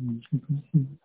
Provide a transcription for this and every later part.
嗯，是中心。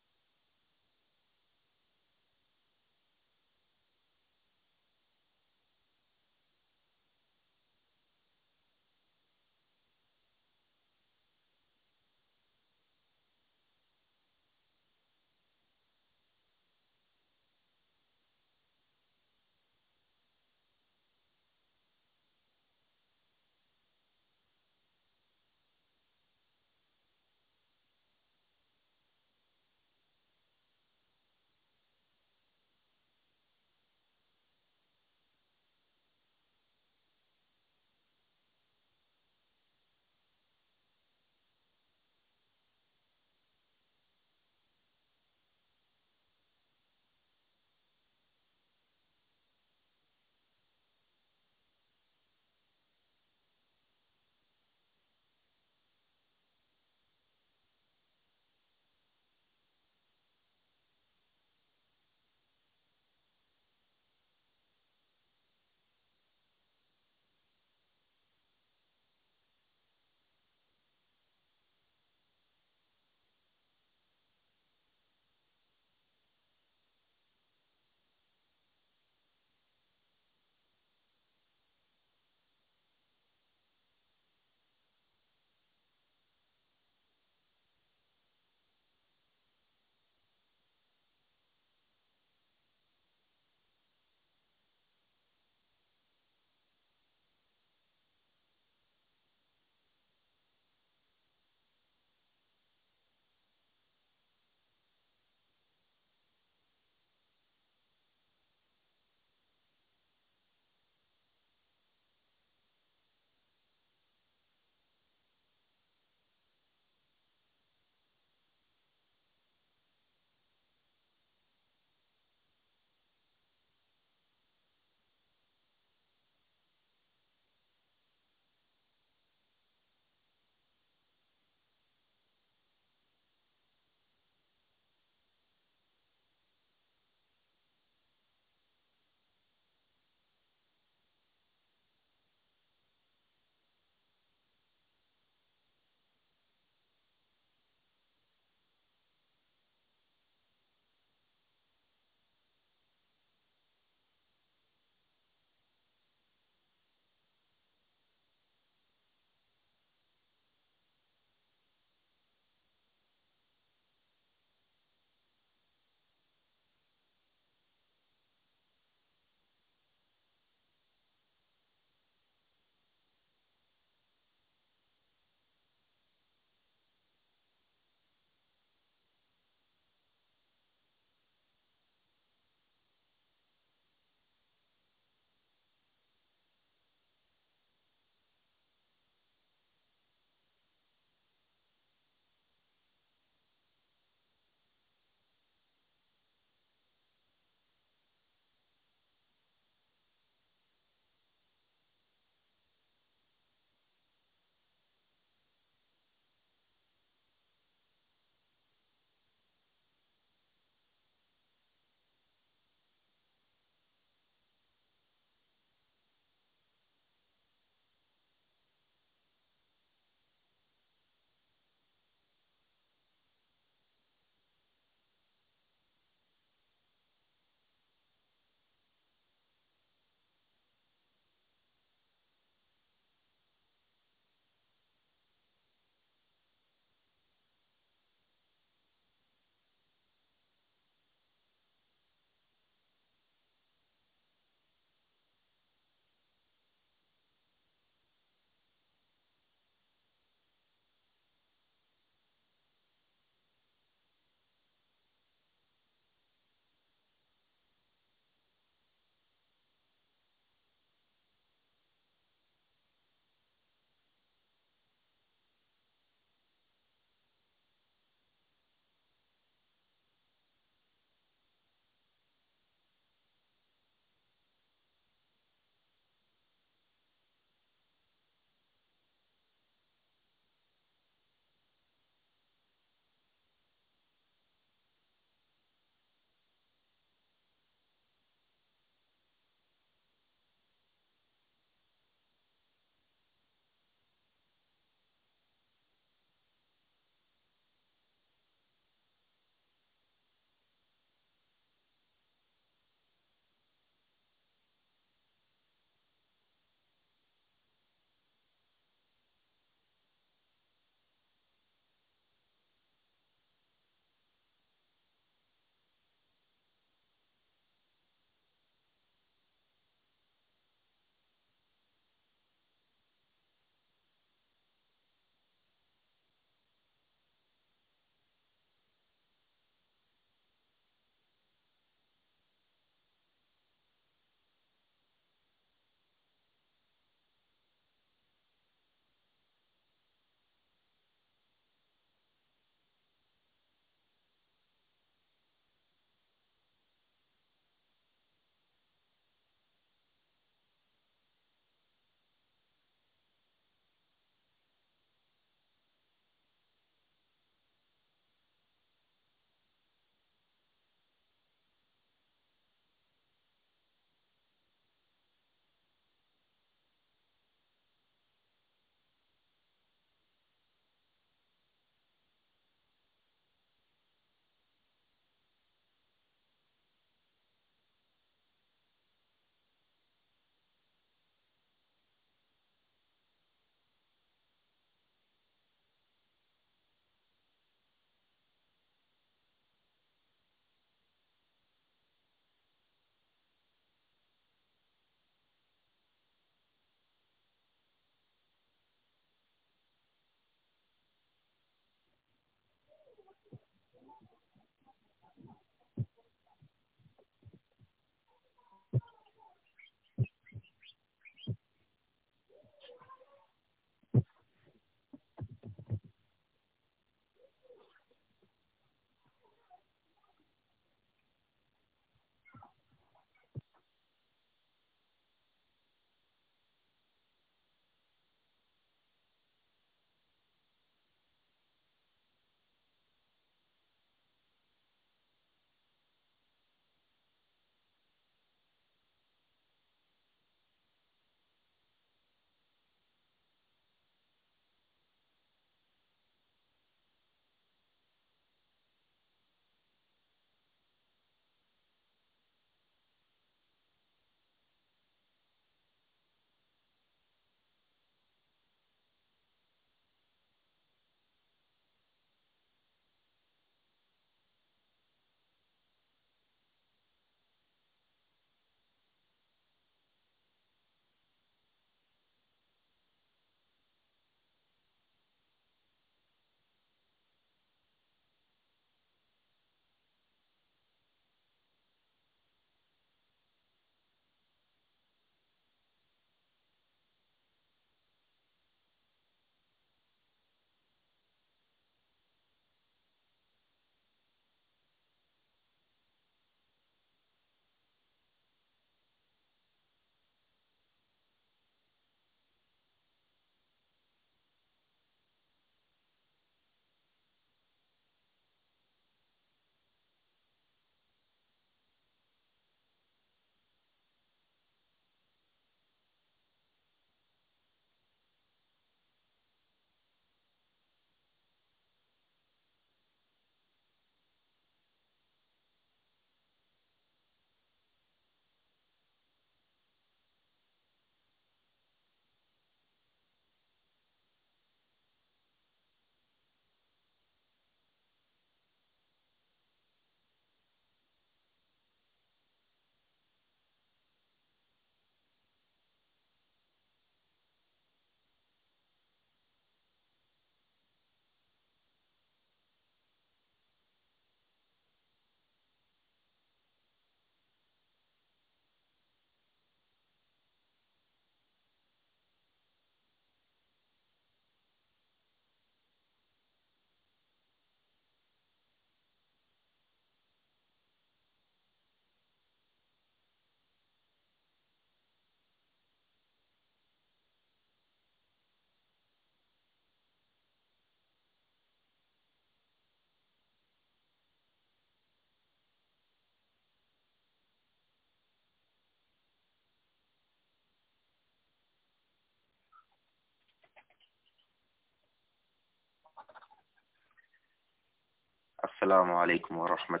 السلام عليكم ورحمة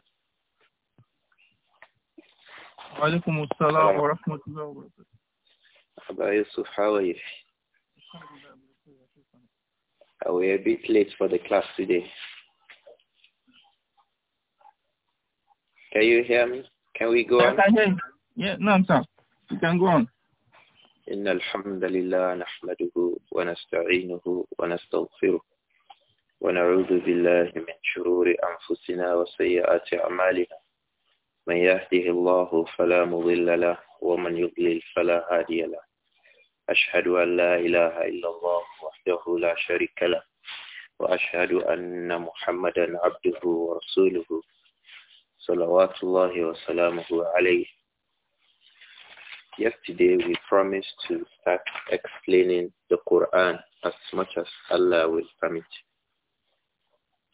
وعليكم السلام ورحمة الله وبركاته أبا يوسف how are you? we a bit late for the class today. Can you hear me? Can we go on? Yeah, no, I'm sorry. You can go on. إن الحمد لله نحمده ونستعينه ونستغفره ونعوذ بالله من شرور أنفسنا وسيئات أعمالنا من يهده الله فلا مضل له ومن يضلل فلا هادي له أشهد أن لا إله إلا الله وحده لا شريك له وأشهد أن محمدا عبده ورسوله صلوات الله وسلامه عليه Yesterday we promised to start explaining the Quran as much as Allah will permit.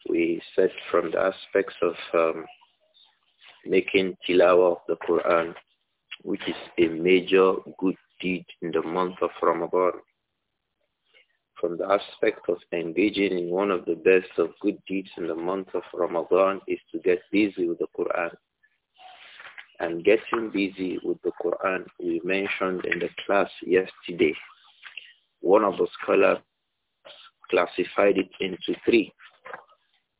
we said from the aspects of um, making tilawa of the Quran, which is a major good deed in the month of Ramadan. From the aspect of engaging in one of the best of good deeds in the month of Ramadan is to get busy with the Quran. And getting busy with the Quran we mentioned in the class yesterday. One of the scholars classified it into three.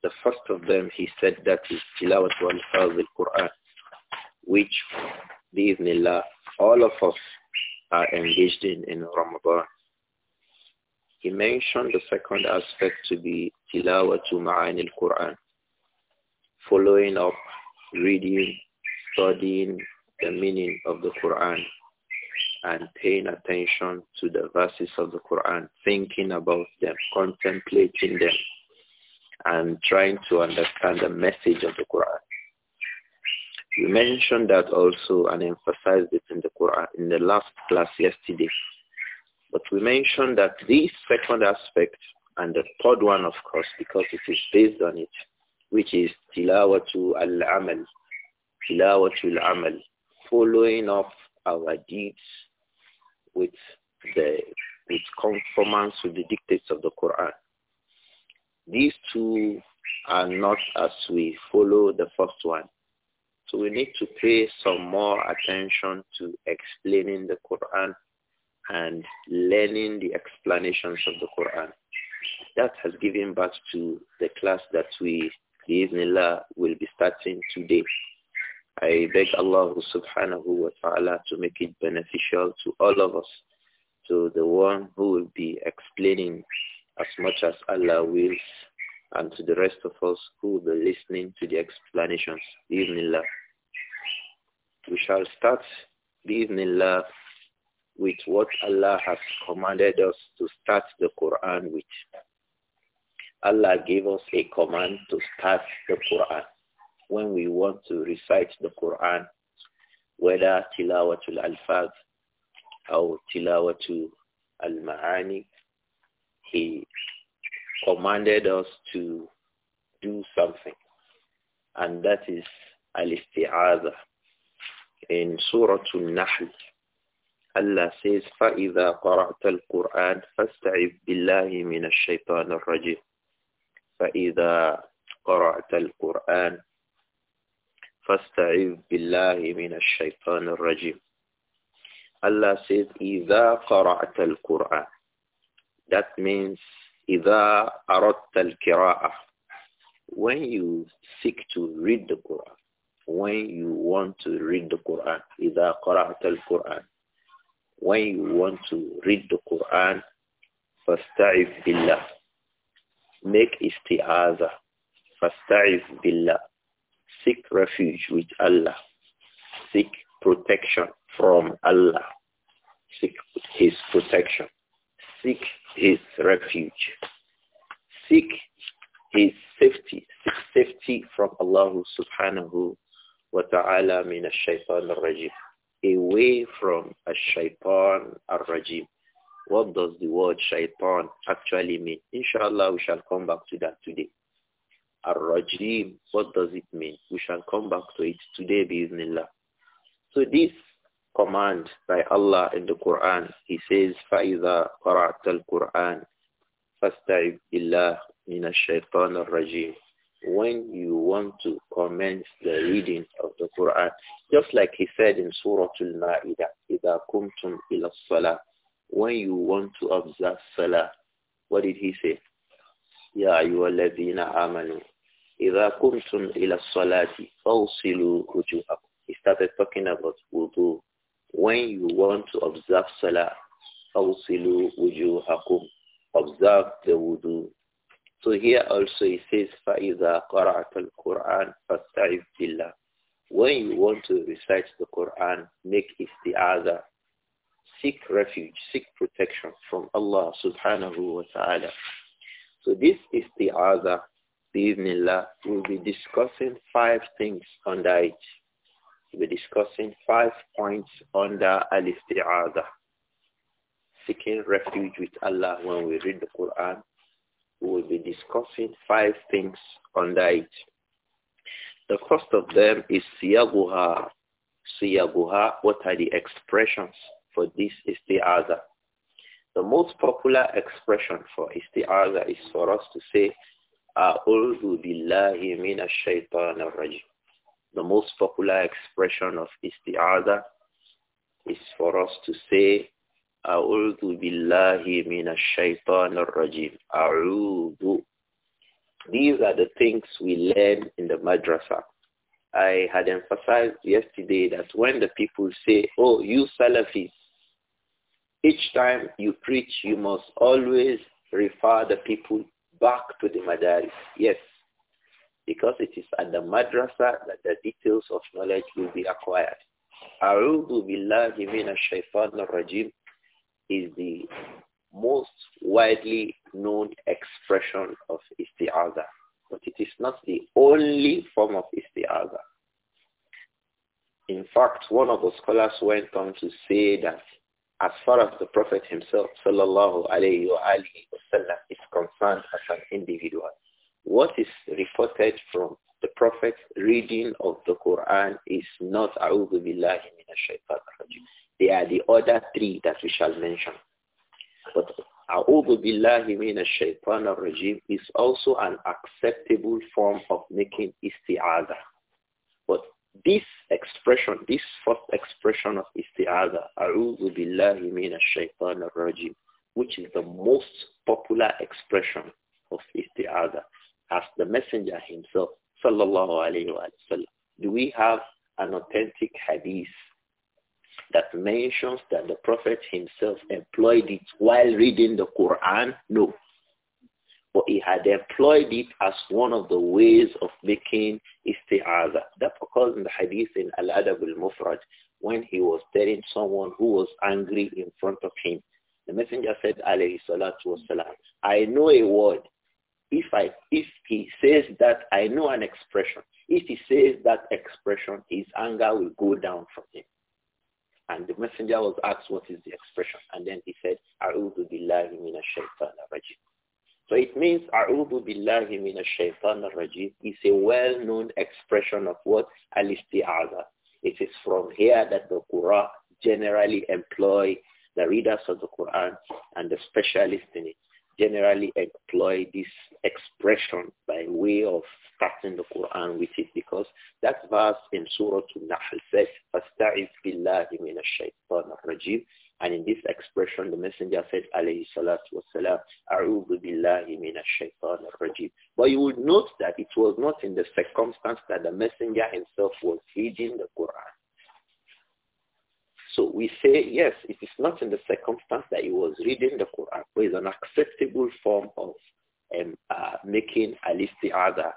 The first of them, he said that is tilawat al quran which, bi'ithnillah, all of us are engaged in in Ramadan. He mentioned the second aspect to be tilawatul Maan al-Quran, following up, reading, studying the meaning of the Quran and paying attention to the verses of the Quran, thinking about them, contemplating them and trying to understand the message of the Quran. You mentioned that also and emphasized it in the Quran in the last class yesterday. But we mentioned that this second aspect and the third one, of course, because it is based on it, which is tilawatu al-amal, tilawatu al-amal, following up our deeds with the with conformance with the dictates of the Quran. These two are not as we follow the first one. So we need to pay some more attention to explaining the Quran and learning the explanations of the Quran. That has given birth to the class that we, Bismillah, will be starting today. I beg Allah subhanahu wa ta'ala to make it beneficial to all of us, to the one who will be explaining as much as Allah wills and to the rest of us who will be listening to the explanations. Bismillah. We shall start, Bismillah, with what Allah has commanded us to start the Quran with. Allah gave us a command to start the Quran. When we want to recite the Quran, whether tilawatul alfaz or tilawatul al-ma'ani he commanded us to do something. And that is al-isti'adha. In Surah Al-Nahl, Allah says, فَإِذَا قَرَأْتَ الْقُرْآنِ فَاسْتَعِذْ بِاللَّهِ مِنَ الشَّيْطَانِ الرَّجِيمِ فَإِذَا قَرَأْتَ الْقُرْآنِ فَاسْتَعِذْ بِاللَّهِ مِنَ الشَّيْطَانِ الرَّجِيمِ Allah says, إِذَا قَرَأْتَ الْقُرْآنِ that means إِذَا أَرَدْتَ القراءة When you seek to read the Quran, when you want to read the Quran, إِذَا قَرَأْتَ الْقُرْآنَ When you want to read the Quran, فاستعِفِ بِاللَّهِ Make isti'aza. فاستعِفِ بِاللَّهِ Seek refuge with Allah. Seek protection from Allah. Seek his protection. Seek his refuge. Seek his safety. Seek safety from Allah subhanahu wa ta'ala min ash-shaytan ar rajim Away from ash-shaytan ar rajim What does the word shaitan actually mean? Inshallah, we shall come back to that today. Ar-Rajim, what does it mean? We shall come back to it today, Inshallah. So this command by Allah in the Quran. He says, فَإِذَا قَرَأْتَ الْقُرْآنِ فَاسْتَعِبْ بِاللَّهِ مِنَ الشَّيْطَانِ الرَّجِيمِ When you want to commence the reading of the Quran, just like he said in Surah Al-Ma'idah, إِذَا كُمْتُمْ إِلَى الصَّلَاةِ When you want to observe Salah, what did he say? يَا أَيُّهَا الَّذِينَ آمَنُوا إِذَا كُمْتُمْ إِلَى الصَّلَاةِ فَأُصِلُوا وُجُوهَكُمْ He started talking about wudu, when you want to observe salah, awsilu wujuhakum, observe the wudu. So here also it says, فَإِذَا قَرَعْتَ الْقُرْآنَ فَاسْتَعِذْ بِاللَّهِ When you want to recite the Quran, make isti'adha. Seek refuge, seek protection from Allah subhanahu wa ta'ala. So this isti'adha, bi'idhnillah, we'll be discussing five things under it we are discussing five points under al seeking refuge with Allah when we read the Quran. We will be discussing five things under it. The first of them is siyaguha. Siyaguha, what are the expressions for this Isti'ada? The most popular expression for Isti'ada is for us to say, أعوذ بالله من الشيطان الرجيم the most popular expression of Istiada is for us to say, أعوذ بالله من الشيطان الرجيم أعوذ These are the things we learn in the madrasa. I had emphasized yesterday that when the people say, oh, you Salafis, each time you preach, you must always refer the people back to the madaris. Yes, because it is at the madrasa that the details of knowledge will be acquired. A'udhu billahi minash rajim is the most widely known expression of isti'aza, but it is not the only form of isti'aza. In fact, one of the scholars went on to say that as far as the Prophet himself, sallallahu alayhi wa alihi wasallam, is concerned as an individual, what is reported from the Prophet's reading of the Quran is not A'udhu Billahi They are the other three that we shall mention. But A'udhu Billahi Minash Shaitan Rajim is also an acceptable form of making isti'adah. But this expression, this first expression of isti'adah, A'udhu Billahi Minash Shaitan Rajim, which is the most popular expression of isti'adah as the messenger himself, sallallahu alayhi wa sallam. Do we have an authentic hadith that mentions that the prophet himself employed it while reading the Quran? No. But he had employed it as one of the ways of making isti'aza. That occurs in the hadith in Al-Adab al-Mufrad when he was telling someone who was angry in front of him. The messenger said, alayhi salatu wasalam, I know a word if I, if he says that I know an expression, if he says that expression, his anger will go down from him. And the messenger was asked, what is the expression? And then he said, A'udhu billahi mina shaitan rajim. So it means A'udhu billahi mina shaitan rajim is a well-known expression of what? Al-isti'aza. It is from here that the Quran generally employ the readers of the Quran and the specialists in it generally employ this expression by way of starting the Quran with it because that verse in Surah Al-Nahl says, فَاسْتَعِذْ بِاللَّهِ مِنَ الشَّيْطَانِ الرَّجِيمِ And in this expression, the messenger said, alayhi salatu wasalam, أَعُوذُ بِاللَّهِ مِنَ الشَّيْطَانِ الرَّجِيمِ But you would note that it was not in the circumstance that the messenger himself was reading the Quran. So we say, yes, it is not in the circumstance that he was reading the Quran, but it's an acceptable form of um, uh, making al-isti'ada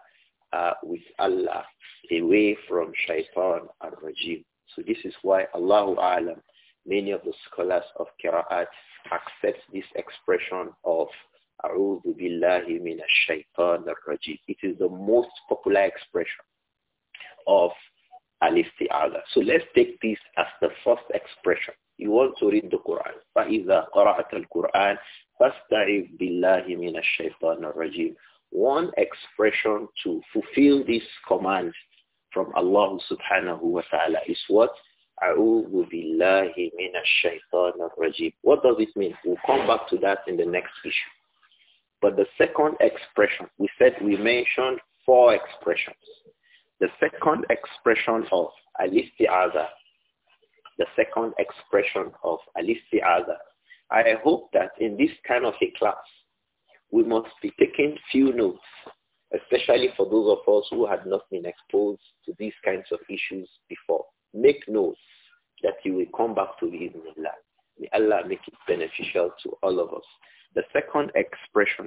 uh, with Allah away from shaitan and regime. So this is why Allahu A'lam, many of the scholars of Qira'at accept this expression of A'udhu Billahi Minash Shaitan Rajim. It is the most popular expression of so let's take this as the first expression. You want to read the Quran. فَإِذَا قَرَأَتَ الْقُرْآنِ فَاسْتَعِذْ بِاللَّهِ مِنَ الشَّيْطَانِ الرَّجِيمِ One expression to fulfill this command from Allah subhanahu wa ta'ala is what? أعوذ بالله من الشيطان الرجيم. What does it mean? We'll come back to that in the next issue. But the second expression, we said we mentioned four expressions. The second expression of al the second expression of al I hope that in this kind of a class, we must be taking few notes, especially for those of us who had not been exposed to these kinds of issues before. Make notes that you will come back to the Allah. May Allah make it beneficial to all of us. The second expression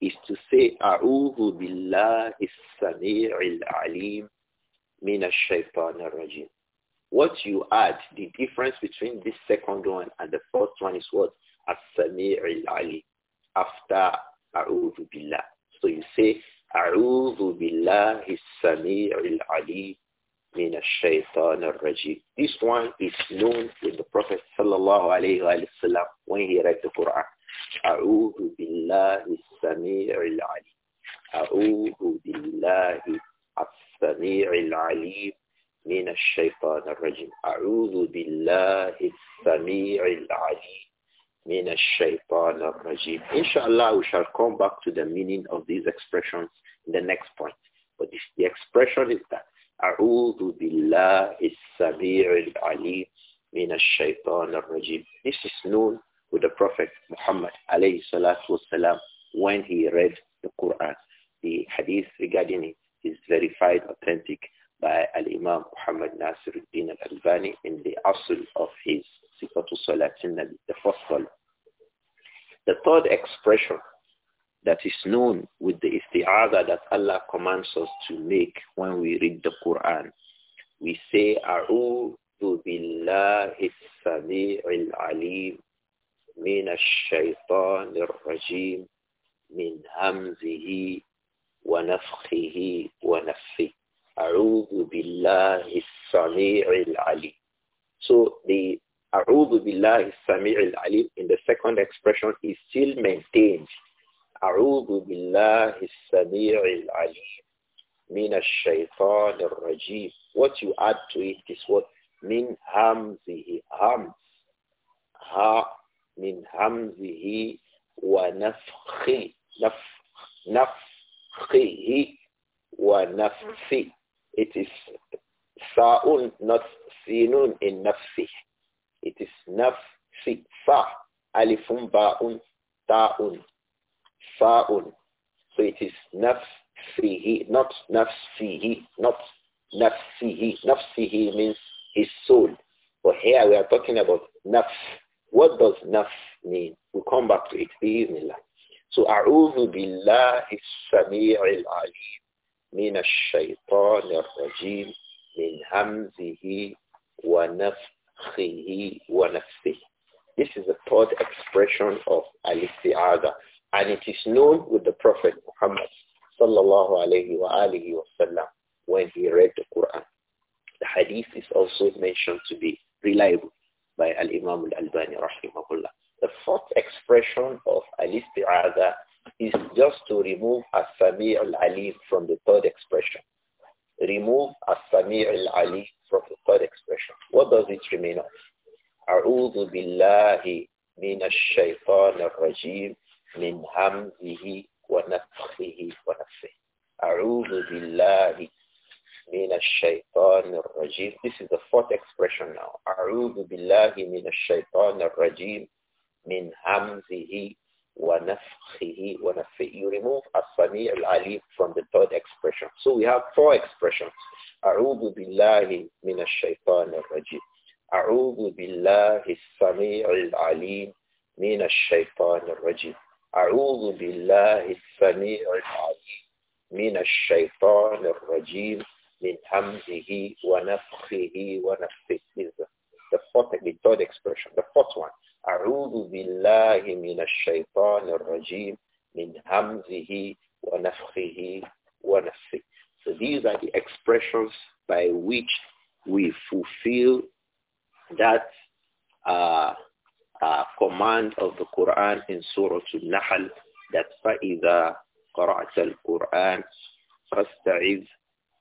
is to say, A'udhu billahi sami'il alim min ash-shaytan rajim What you add, the difference between this second one and the first one is what? As-sami'il alim. After A'udhu billah. So you say, A'udhu billahi sami'il alim min ash-shaytan rajim This one is known with the Prophet sallallahu alayhi wa sallam when he read the Quran. أعوذ بالله السميع العليم أعوذ بالله السميع العليم من الشيطان الرجيم أعوذ بالله السميع العليم من الشيطان الرجيم Inshallah we shall come back to the meaning of these expressions in the next point but this, the expression is that أعوذ بالله السميع العليم من الشيطان الرجيم This is known with the Prophet Muhammad alayhi salatu wasalam when he read the Quran. The hadith regarding it is verified authentic by Al-Imam Muhammad Nasiruddin Al-Albani in the asl of his Sifatul Salatin Nabi, the first column. The third expression that is known with the isti'adah that Allah commands us to make when we read the Quran. We say, أعوذ بالله السميع العليم من الشيطان الرجيم من همزه ونفخه ونفه أعوذ بالله السميع العليم So the أعوذ بالله السميع العليم in the second expression is still maintained أعوذ بالله السميع العليم من الشيطان الرجيم What you add to it is what من همزه هم ها min hamzihi wa nafkhi, naf, nafkhihi wa nafsi. It is sa'un, not sinun in nafsi. It is nafsi, sa, alifun ba'un, ta'un, sa'un. So it is nafsihi, not nafsihi, not nafsihi. Nafsihi means his soul. But here we are talking about nafs, what does naf mean? We'll come back to it. Bismillah. So أعوذ بالله السميع العليم من الشيطان الرجيم من همزه ونفخه ونفسه. This is a third expression of al-isti'adha and it is known with the Prophet Muhammad sallallahu alayhi wa alihi wasallam when he read the Quran. The hadith is also mentioned to be reliable by Al-Imam Al-Albani rahimahullah. The fourth expression of al-isti'aza is just to remove as-sami' al-alim from the third expression. Remove as-sami' al-alim from the third expression. What does it remain of? min أعوذ بالله من الشيطان الرجيم من همزه ونفخه ونفه أعوذ بالله rajim This is the fourth expression now. A'udhu billahi min ash-shaytan rajim min hamzihi wa nafkhihi wa nafi. You remove as-sami al-alim from the third expression. So we have four expressions. A'udhu billahi min ash-shaytan rajim أعوذ بالله السميع العليم من الشيطان الرجيم أعوذ بالله السميع العليم من الشيطان الرجيم min hamzihi wa nafkhihi wa nafsihi is the fourth, the third expression. The fourth one, min al-Shaytan بالله rajim min الرجيم wa همزه wa ونفسه. So these are the expressions by which we fulfill that uh, uh, command of the Quran in Surah Al-Nahl that فَإِذَا قَرَأْتَ الْقُرْآنَ فَاسْتَعِذْ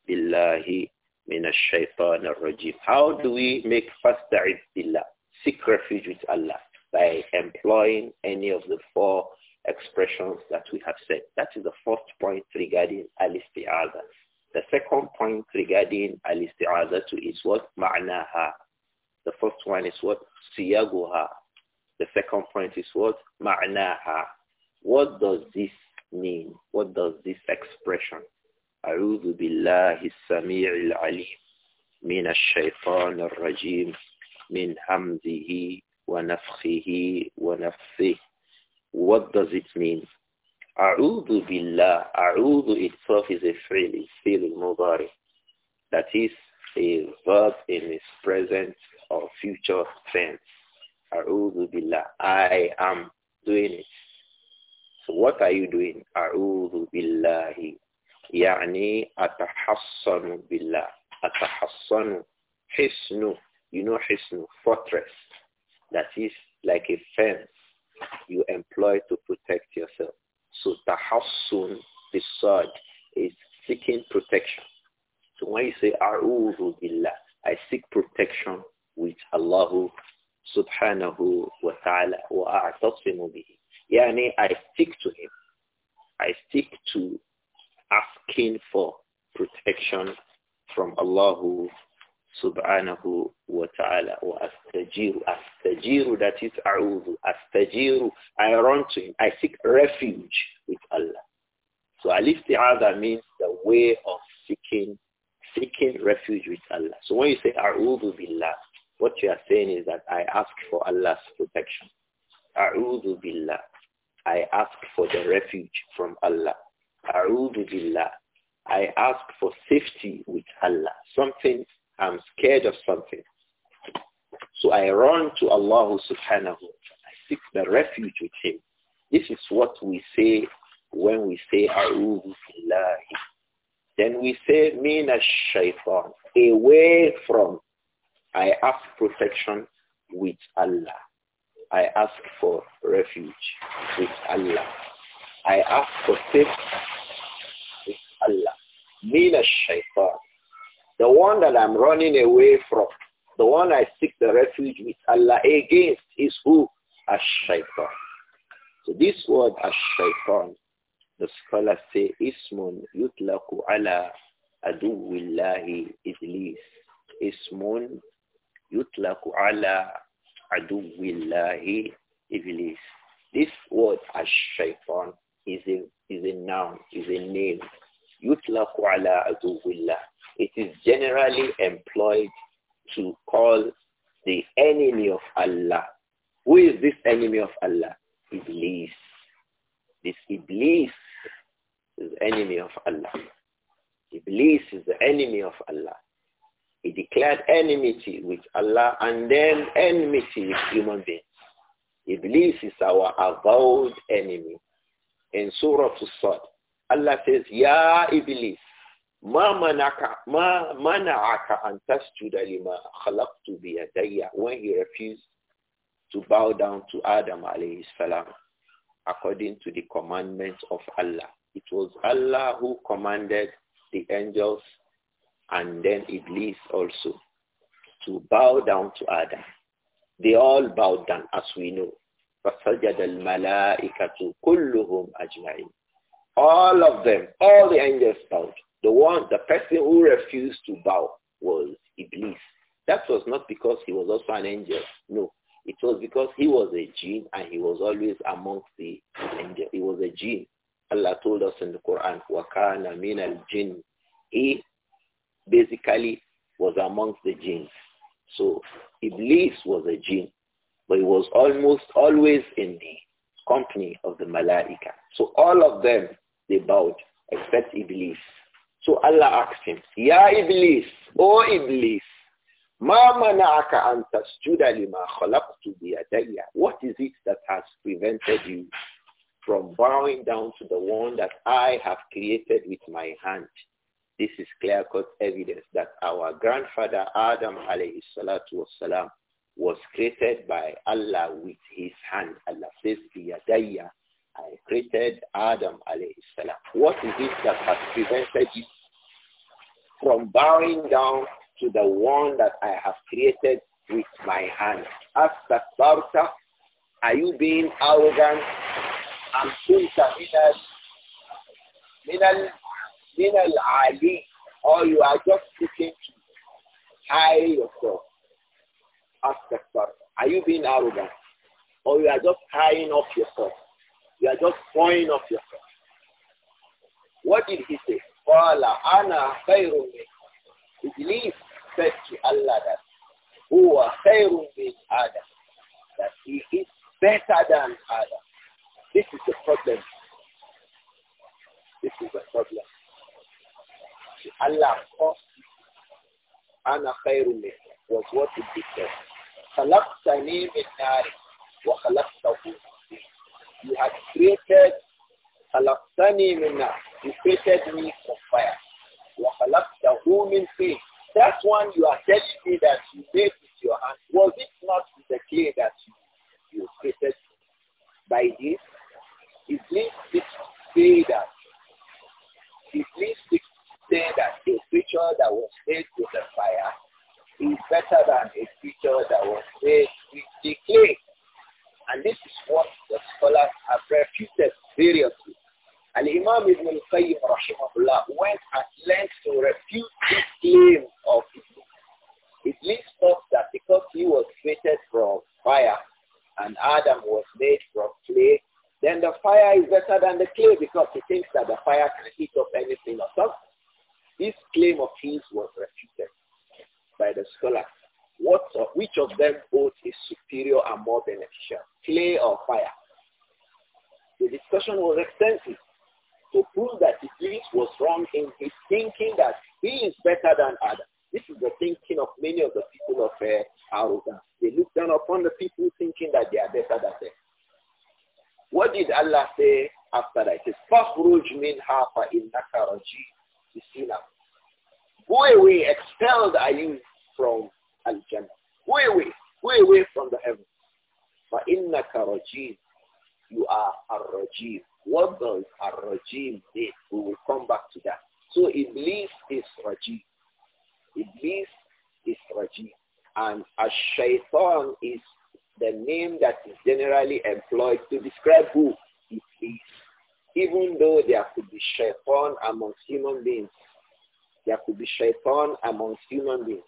billahi rajim. How do we make fasta'id billah? Seek refuge with Allah by employing any of the four expressions that we have said. That is the first point regarding al-isti'adha. The second point regarding al-isti'adha is what ma'naha. The first one is what siyaguha. The second point is what ma'naha. What does this mean? What does this expression أعوذ بالله السميع العليم من الشيطان الرجيم من همزه ونفخه ونفسه What does it mean? أعوذ بالله أعوذ itself is a fi'l, it's مضارع. That is a verb in its present or future tense. A'udhu بالله. I am doing it. So what are you doing? A'udhu بالله. يعني أتحصن بالله أتحصن حصن you know حصن fortress that is like a fence you employ to protect yourself so تحصن بالصاد is seeking protection so when you say أعوذ بالله I seek protection with Allah subhanahu wa ta'ala وأعتصم به يعني I stick to him I stick to asking for protection from Allah subhanahu wa ta'ala or astajiru. Astajiru, that is a'udhu. Astajiru, I run to him. I seek refuge with Allah. So al-isti'adha means the way of seeking, seeking refuge with Allah. So when you say a'udhu billah, what you are saying is that I ask for Allah's protection. A'udhu billah. I ask for the refuge from Allah. A'udhu billah. I ask for safety with Allah. Something, I'm scared of something. So I run to Allah subhanahu I seek the refuge with him. This is what we say when we say A'udhu billahi. Then we say Mina shaitan. Away from. I ask protection with Allah. I ask for refuge with Allah. I ask for safety Min shaitan. The one that I'm running away from, the one I seek the refuge with Allah against is who? Ash-shaitan. So this word ash-shaitan, the scholars say, ismun yutlaku ala aduwillahi iblis. Ismun yutlaku ala aduwillahi iblis. This word ash-shaitan is a, is a noun, is a name yutlaqu ala aduwillah. It is generally employed to call the enemy of Allah. Who is this enemy of Allah? Iblis. This Iblis is the enemy of Allah. Iblis is the enemy of Allah. He declared enmity with Allah and then enmity with human beings. Iblis is our avowed enemy. In Surah Al-Sad, Allah says, Ya Iblis, ma manaka, ma mana'aka an tasjuda lima khalaqtu biyadayya. When he refused to bow down to Adam alayhi salam, according to the commandments of Allah. It was Allah who commanded the angels and then Iblis also to bow down to Adam. They all bowed down as we know. فَسَجَدَ الْمَلَائِكَةُ كُلُّهُمْ أَجْمَعِينَ all of them, all the angels bowed. The one, the person who refused to bow was Iblis. That was not because he was also an angel. No, it was because he was a jinn and he was always amongst the angels. He was a jinn. Allah told us in the Quran, min al jinn. He basically was amongst the jinns. So Iblis was a jinn, but he was almost always in the company of the Malaika. So all of them, they bowed, except Iblis. So Allah asked him, Ya Iblis, O Iblis, Ma mana'aka an tasjuda lima khalaqtu biyadaya. What is it that has prevented you from bowing down to the one that I have created with my hand? This is clear-cut evidence that our grandfather Adam alayhi salatu wasalam, was created by Allah with his hand. Allah says, biyadaya I created Adam alayhi salam. What is it that has prevented you from bowing down to the one that I have created with my hand? Astakbarta, are you being arrogant? Am kunta minal, minal ali, or you are just seeking to hide yourself? Astakbarta, are you being arrogant? Or you are just tying up yourself? You are just pouring up yourself. What did he say? Qala ana khayrun min Iblis said to Allah that huwa khayrun min Adam. That he is better than Adam. This is the problem. This is the problem. Allah cost ana khayrun min was what it said. خلقتني من نار وخلقته you have created خلقتني من You created me from fire. وخلقته من clay. That one you are telling me that you made with your hand, was it not with the clay that you, you created by this? It leads to say that it leads say that a creature that was made with the fire is better than a creature that was made with the clay. And this is what the scholars have refuted seriously. And Imam Ibn al-Qayyim rahimahullah went at length to refute this claim of It leads us that because he was created from fire and Adam was made from clay, then the fire is better than the clay because he thinks that the fire can heat up anything or something. This claim of his was refuted by the scholars what which of them both is superior and more beneficial, clay or fire? The discussion was extensive to prove that the Iblis was wrong in his thinking that he is better than others. This is the thinking of many of the people of uh, arrogance. They look down upon the people thinking that they are better than them. What did Allah say after that? He says, فَخْرُجْ مِنْهَا فَإِنَّكَ رَجِيمٌ Go away, expelled are you from al-jannah. Way away, way away from the heaven. فَإِنَّكَ رَجِيمٌ You are a rajim What does a rajim mean? We will come back to that. So Iblis is rajim. Iblis is rajim. And ash-shaytan is the name that is generally employed to describe who? Iblis. Even though there could be shaitan amongst human beings, there could be shaitan amongst human beings.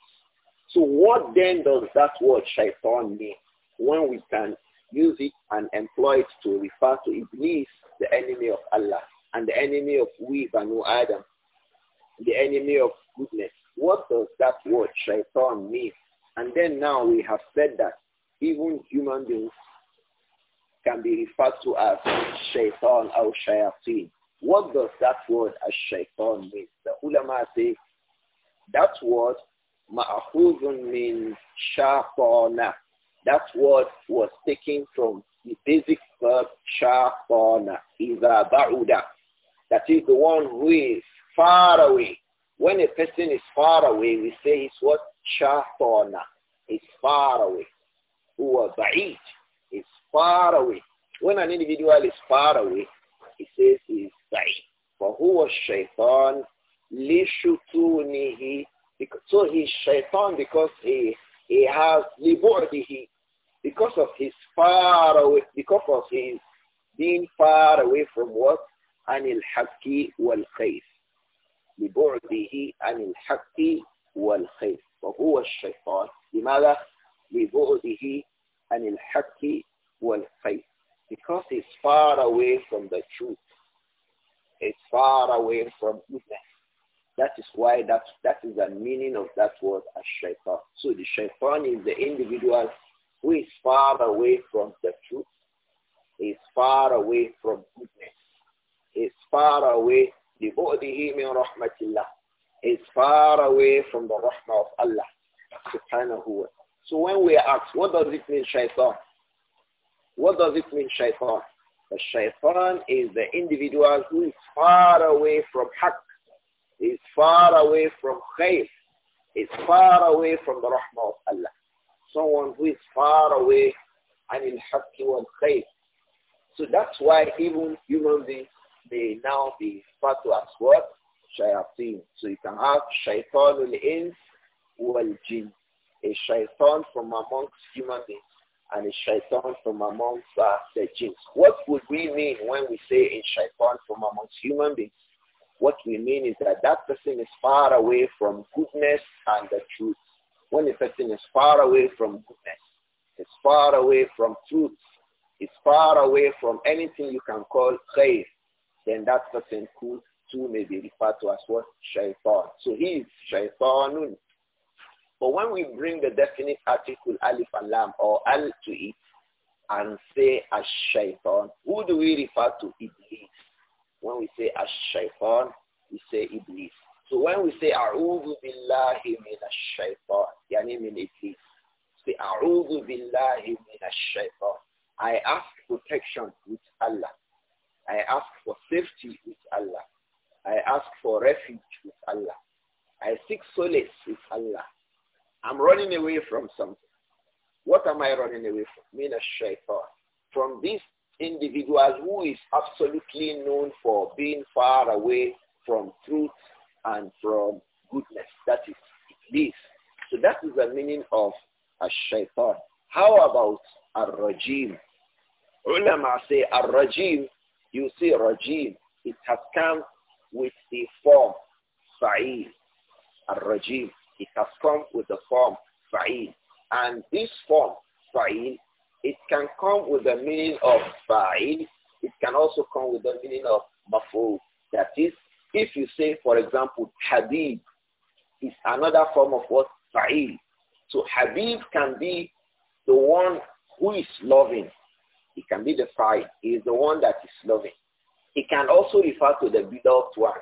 So what then does that word shaitan mean when we can use it and employ it to refer to Iblis, the enemy of Allah, and the enemy of we, Banu Adam, the enemy of goodness? What does that word shaitan mean? And then now we have said that even human beings can be referred to as shaitan or shayateen. What does that word as shaitan mean? The ulama say that word Ma'ahuzun means shaqana. That word was taken from the basic verb shaqana, iza ba'uda. That is the one who is far away. When a person is far away, we say he's what? Shaqana. He's far away. Huwa ba'id. He's far away. When an individual is far away, he says he is ba'id. فهو الشيطان لشتونه because, so he's shaitan because he, he has libu'dihi, because of his far away, because of his being far away from what? Anil haqqi wal khayf. لبعده عن الحق والخير وهو الشيطان لماذا لبعده عن الحق والخير because it's far away from the truth it's far away from goodness that is why that, that is the meaning of that word as shaitan. So the shaitan is the individual who is far away from the truth, is far away from goodness, is far away, is far away from the rahmah of Allah subhanahu wa So when we ask, what does it mean shaitan? What does it mean shaitan? The shaitan is the individual who is far away from haqq, is far away from khayr, is far away from the rahmah of Allah. Someone who is far away and in haqqi wal khayr. So that's why even human beings may now be far to as what? Shayateen. So you can have shaitanul ins wal jinn. A shaitan from amongst human beings and a shaitan from amongst uh, the jinns. What would we mean when we say a shaitan from amongst human beings? What we mean is that that person is far away from goodness and the truth. When a person is far away from goodness, is far away from truth, is far away from anything you can call khair, then that person could too may be referred to as what? Shaitan. So he is shaitanun. But when we bring the definite article alif and lam or al to it and say as shaitan, who do we refer to? Iblis. When we say ash-shaytan, we say iblis. So when we say a'udhu billahi min ash-shaytan, yani min iblis, say a'udhu billahi min ash-shaytan. I ask protection with Allah. I ask for safety with Allah. I ask for refuge with Allah. I seek solace with Allah. I'm running away from something. What am I running away from? Min ash-shaytan. From this individual who is absolutely known for being far away from truth and from goodness. That is this. So that is the meaning of a shaitan. How about a rajim? Ulama say a rajim, you see rajim, it has come with the form fa'il. A rajim, it has come with the form fa'il. And this form fa'il it can come with the meaning of fa'il. It can also come with the meaning of maf'ul. That is, if you say, for example, habib is another form of what? Fa'il. So habib can be the one who is loving. It can be the fa'il. He is the one that is loving. It can also refer to the beloved one.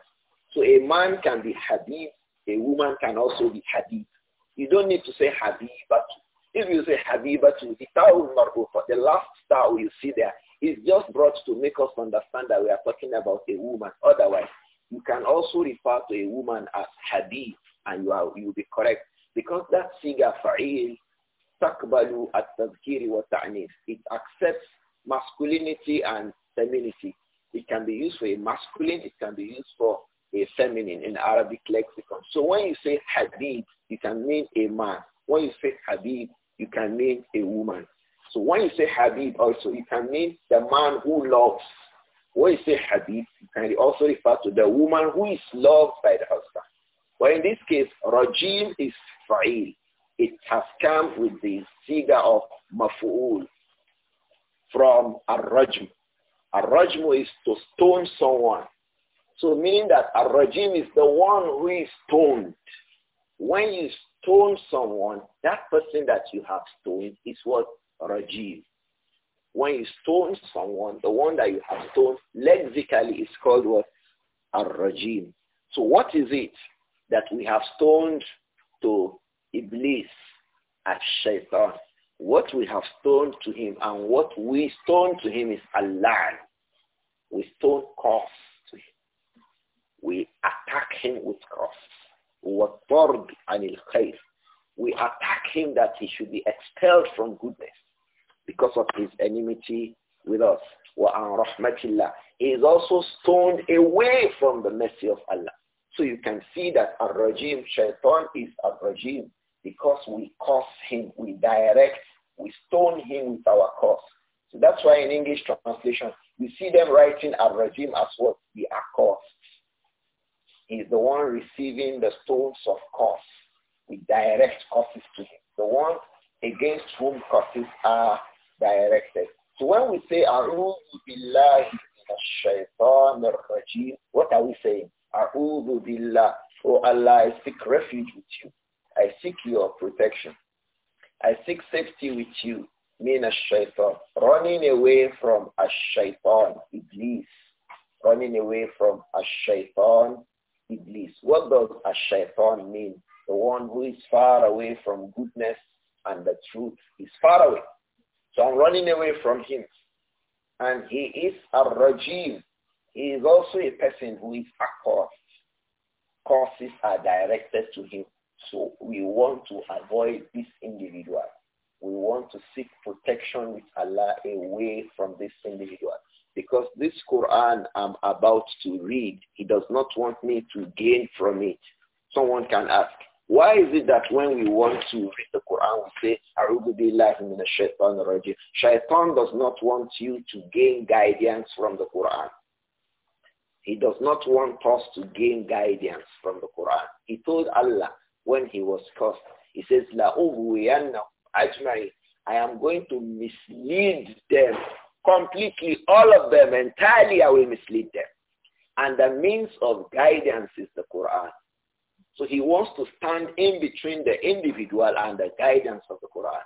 So a man can be habib. A woman can also be habib. You don't need to say habib at if you say Habibatu, Ita'ul Marbufa, the last star you see there is just brought to make us understand that we are talking about a woman. Otherwise, you can also refer to a woman as Habib and you are, you'll be correct. Because that siga fa'il, takbalu at-tazkiri wa ta'nif. It accepts masculinity and femininity. It can be used for a masculine, it can be used for a feminine in Arabic lexicon. So when you say hadith, it can mean a man. When you say hadith, you can mean a woman. So when you say Habib also, you can mean the man who loves. When you say Habib, you can also refer to the woman who is loved by the husband. Well, in this case, Rajim is Fa'il. It has come with the siga of Mafu'ul from Ar-Rajm. Ar-Rajm is to stone someone. So meaning that Ar-Rajim is the one who is stoned. When you stone someone, that person that you have stoned is what? Rajiv. When you stone someone, the one that you have stoned lexically is called what? a rajim So what is it that we have stoned to Iblis at Shaitan? What we have stoned to him and what we stone to him is Allah. We stone cross to him. We attack him with cross. وَالطَّرْدِ عَنِ الْخَيْرِ We attack him that he should be expelled from goodness because of his enmity with us. وَعَنْ رَحْمَةِ اللَّهِ He is also stoned away from the mercy of Allah. So you can see that a regime Shaitan is a regime because we curse him, we direct, we stone him with our curse. So that's why in English translation, you see them writing a regime as what? We are cursed is the one receiving the stones of curse. with direct curses to him. The one against whom curses are directed. So when we say, A'udhu billahi shaitan rajim, what are we saying? A'udhu billah. Oh Allah, I seek refuge with you. I seek your protection. I seek safety with you. Min shaitan. Running away from a shaitan, Iblis. Running away from a shaitan, Iblis. What does a shaitan mean? The one who is far away from goodness and the truth is far away. So I'm running away from him. And he is a rajim. He is also a person who is accursed. Causes are directed to him. So we want to avoid this individual. We want to seek protection with Allah away from this individual. Because this Quran I'm about to read, he does not want me to gain from it. Someone can ask, why is it that when we want to read the Quran, we say, shaitan does not want you to gain guidance from the Quran. He does not want us to gain guidance from the Quran. He told Allah when he was cursed, he says, La ajmari. I am going to mislead them completely, all of them entirely, I will mislead them. And the means of guidance is the Quran. So he wants to stand in between the individual and the guidance of the Quran.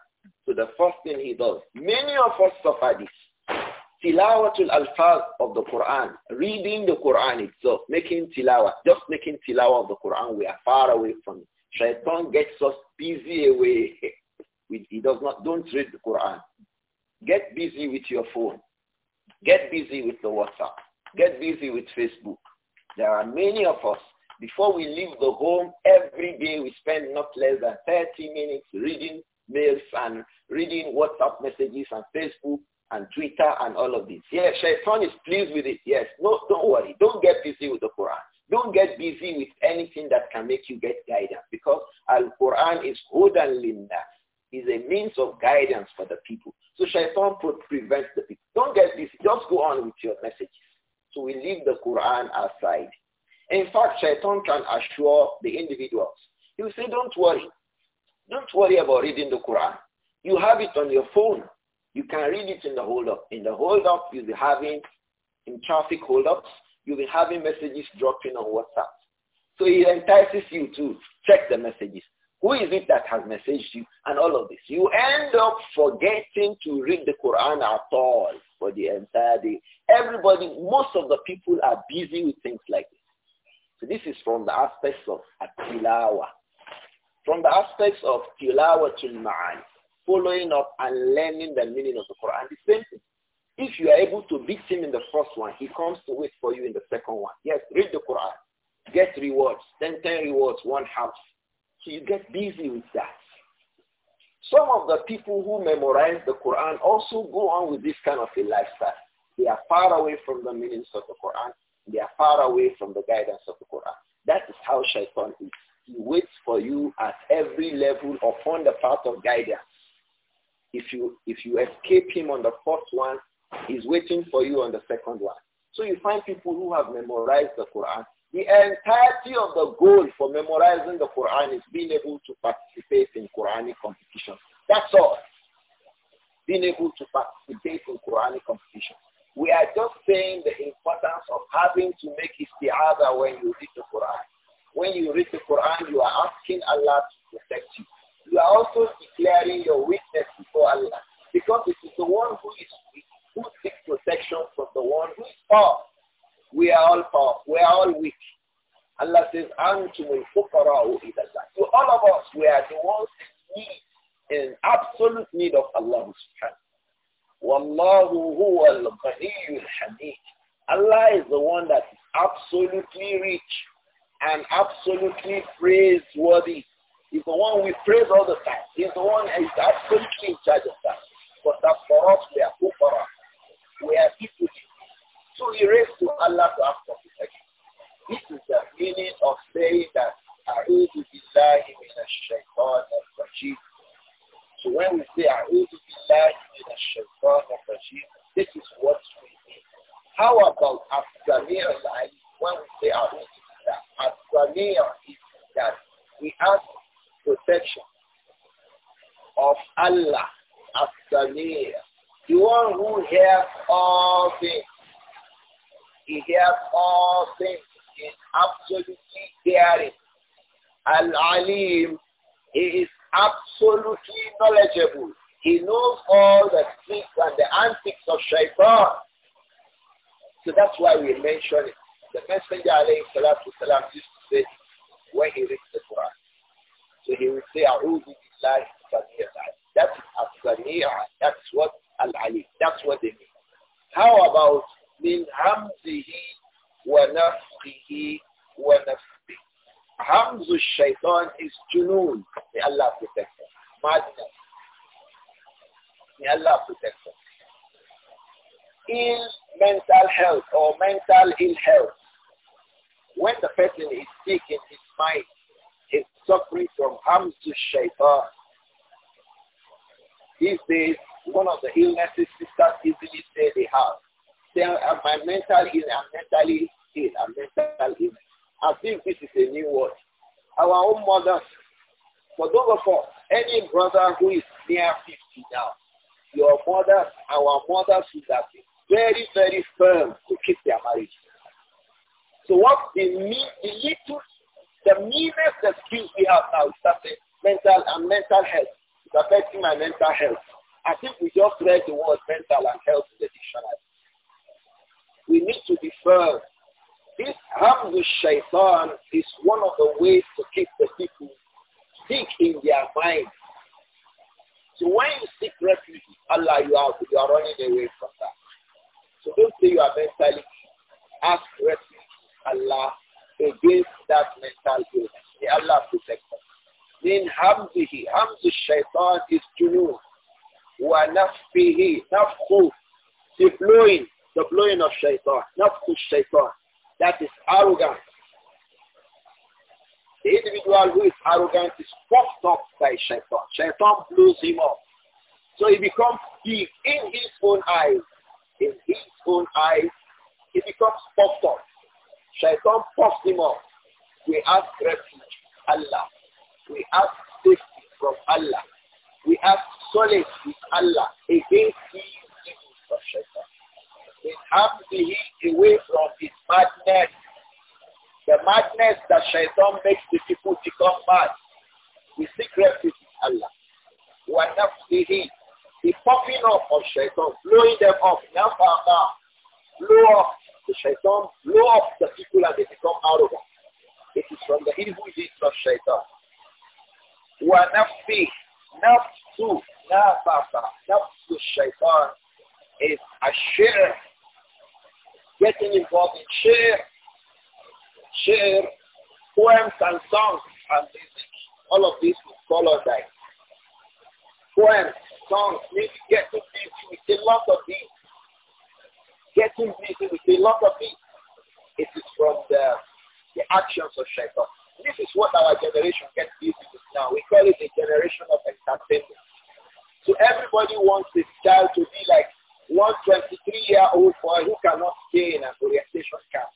So the first thing he does, many of us suffer this. Tilawatul alfaz of the Quran, reading the Quran itself, making tilawa, just making tilawa of the Quran, we are far away from it. Shaitan gets us busy away. he does not, don't read the Quran. Get busy with your phone. Get busy with the WhatsApp. Get busy with Facebook. There are many of us. Before we leave the home, every day we spend not less than 30 minutes reading mails and reading WhatsApp messages and Facebook and Twitter and all of this. Yes, Shaitan is pleased with it. Yes, no, don't worry. Don't get busy with the Quran. Don't get busy with anything that can make you get guidance because Al-Quran is and linnas is a means of guidance for the people. So shaitan prevents the people. Don't get this. Just go on with your messages. So we leave the Quran aside. In fact, shaitan can assure the individuals. He will say, don't worry. Don't worry about reading the Quran. You have it on your phone. You can read it in the hold-up. In the hold-up, you'll be having, in traffic hold-ups, you'll be having messages dropping on WhatsApp. So he entices you to check the messages. Who is it that has messaged you? And all of this. You end up forgetting to read the Quran at all for the entire day. Everybody, most of the people are busy with things like this. So this is from the aspects of atilawa, From the aspects of tilawa ma'an, following up and learning the meaning of the Quran. The same thing. If you are able to beat him in the first one, he comes to wait for you in the second one. Yes, read the Quran. Get rewards. Ten, ten rewards, one house. So you get busy with that. Some of the people who memorize the Quran also go on with this kind of a lifestyle. They are far away from the meanings of the Quran. They are far away from the guidance of the Quran. That is how shaitan is. He waits for you at every level upon the path of guidance. If you, if you escape him on the first one, he's waiting for you on the second one. So you find people who have memorized the Quran, the entirety of the goal for memorizing the Quran is being able to participate in Quranic competition. That's all. Being able to participate in Quranic competition. We are just saying the importance of having to make isti'adah when you read the Quran. When you read the Quran, you are asking Allah to protect you. You are also declaring your weakness before Allah because it is the one who is weak who seeks protection from the one who is powerful. We are all poor. We are all weak. Allah says, Antumul fuqara'u So all of us, we are the ones in need, in absolute need of Allah subhanahu Wallahu huwa al Allah is the one that is absolutely rich and absolutely praiseworthy. He's the one we praise all the time. He's the one that is absolutely in charge of that. But that for us, we are poor. We are people so he raised to Allah to ask for protection. This is the meaning of saying that A'udhu billahi minash shaitan al-rajim. So when we say A'udhu billahi minash shaitan al-rajim, this is what we mean. How about As-Samir ali When we say A'udhu billahi, As-Samir is that we ask protection of Allah, As-Samir, the one who hears all things. He hears all things. He is absolutely hearing. Al-Alim, he is absolutely knowledgeable. He knows all the tricks and the antics of shaitan. So that's why we mention it. The Messenger alayhi salatu salam used to say when he reads the Quran. So he would say, A'udhu billahi That's al That's what Al-Ali. That's what they mean. How about من همزه ونفخه ونفخه همز الشيطان is junoon. May Allah protect us madness May Allah protect us ill mental health or mental ill health when the person is sick in his mind is suffering from hamz shaitan these days one of the illnesses sisters easily say they have say, uh, my mental is I'm mentally ill, I'm mental ill. I think this is a new word. Our own mothers, for those of us, any brother who is near 50 now, your mothers, our mothers should have been very, very firm to keep their marriage. So what the, mean, the little, the meanest excuse we have now is that the mental and uh, mental health. is affecting my mental health. I think we just read the word mental and health in the dictionary we need to be firm. This Hamdu Shaitan is one of the ways to keep the people sick in their mind. So when you seek refuge Allah, you are, you are running away from that. So don't say you are mentally ask refuge Allah against that mental illness. May Allah protect us. Then hamzihi, hamzu shaitan is junoon. Wa nafsihi, nafkhu, the the blowing of shaitan, not to shaitan. That is arrogance. The individual who is arrogant is fucked up by shaitan. Shaitan blows him up. So he becomes big in his own eyes. In his own eyes, he becomes puffed up. Shaitan puffs him up. We ask refuge, Allah. We ask safety from Allah. We ask solace with Allah against these evils of shaitan be away from his madness. The madness that shaitan makes the people to become mad. The secret is Allah. We Wa nafsihi. The popping up of shaitan, blowing them up. Nafaqa. Blow up the shaitan, blow up the people and they become arrogant. It is from the evil deeds of shaitan. We Wa nafsi. Nafsu. not Nafsu shaitan is a share getting involved in share, share, poems and songs and music. All of this is colonized. Poems, songs, music, getting busy with a lot of it. Getting busy with a lot of it. It is from the, the actions of Shaitan. This is what our generation gets busy with now. We call it the generation of entertainment. So everybody wants this child to be like one 23-year-old boy who cannot stay in an orientation camp.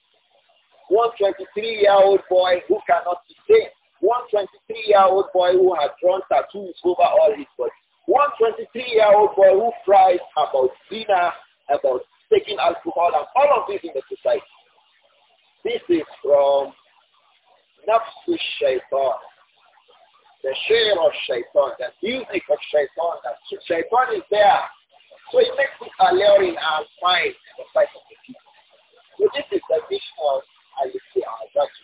One 23-year-old boy who cannot stay. One 23-year-old boy who has drawn tattoos over all his body. One 23-year-old boy who cries about dinner, about taking alcohol, and all of this in the society. This is from Nafsu Shaitan the share of shaitan, the music of shaitan, that shaitan is there so it makes it alluring our fine in the fight of the people. So this is the mission of Alexi Azaki.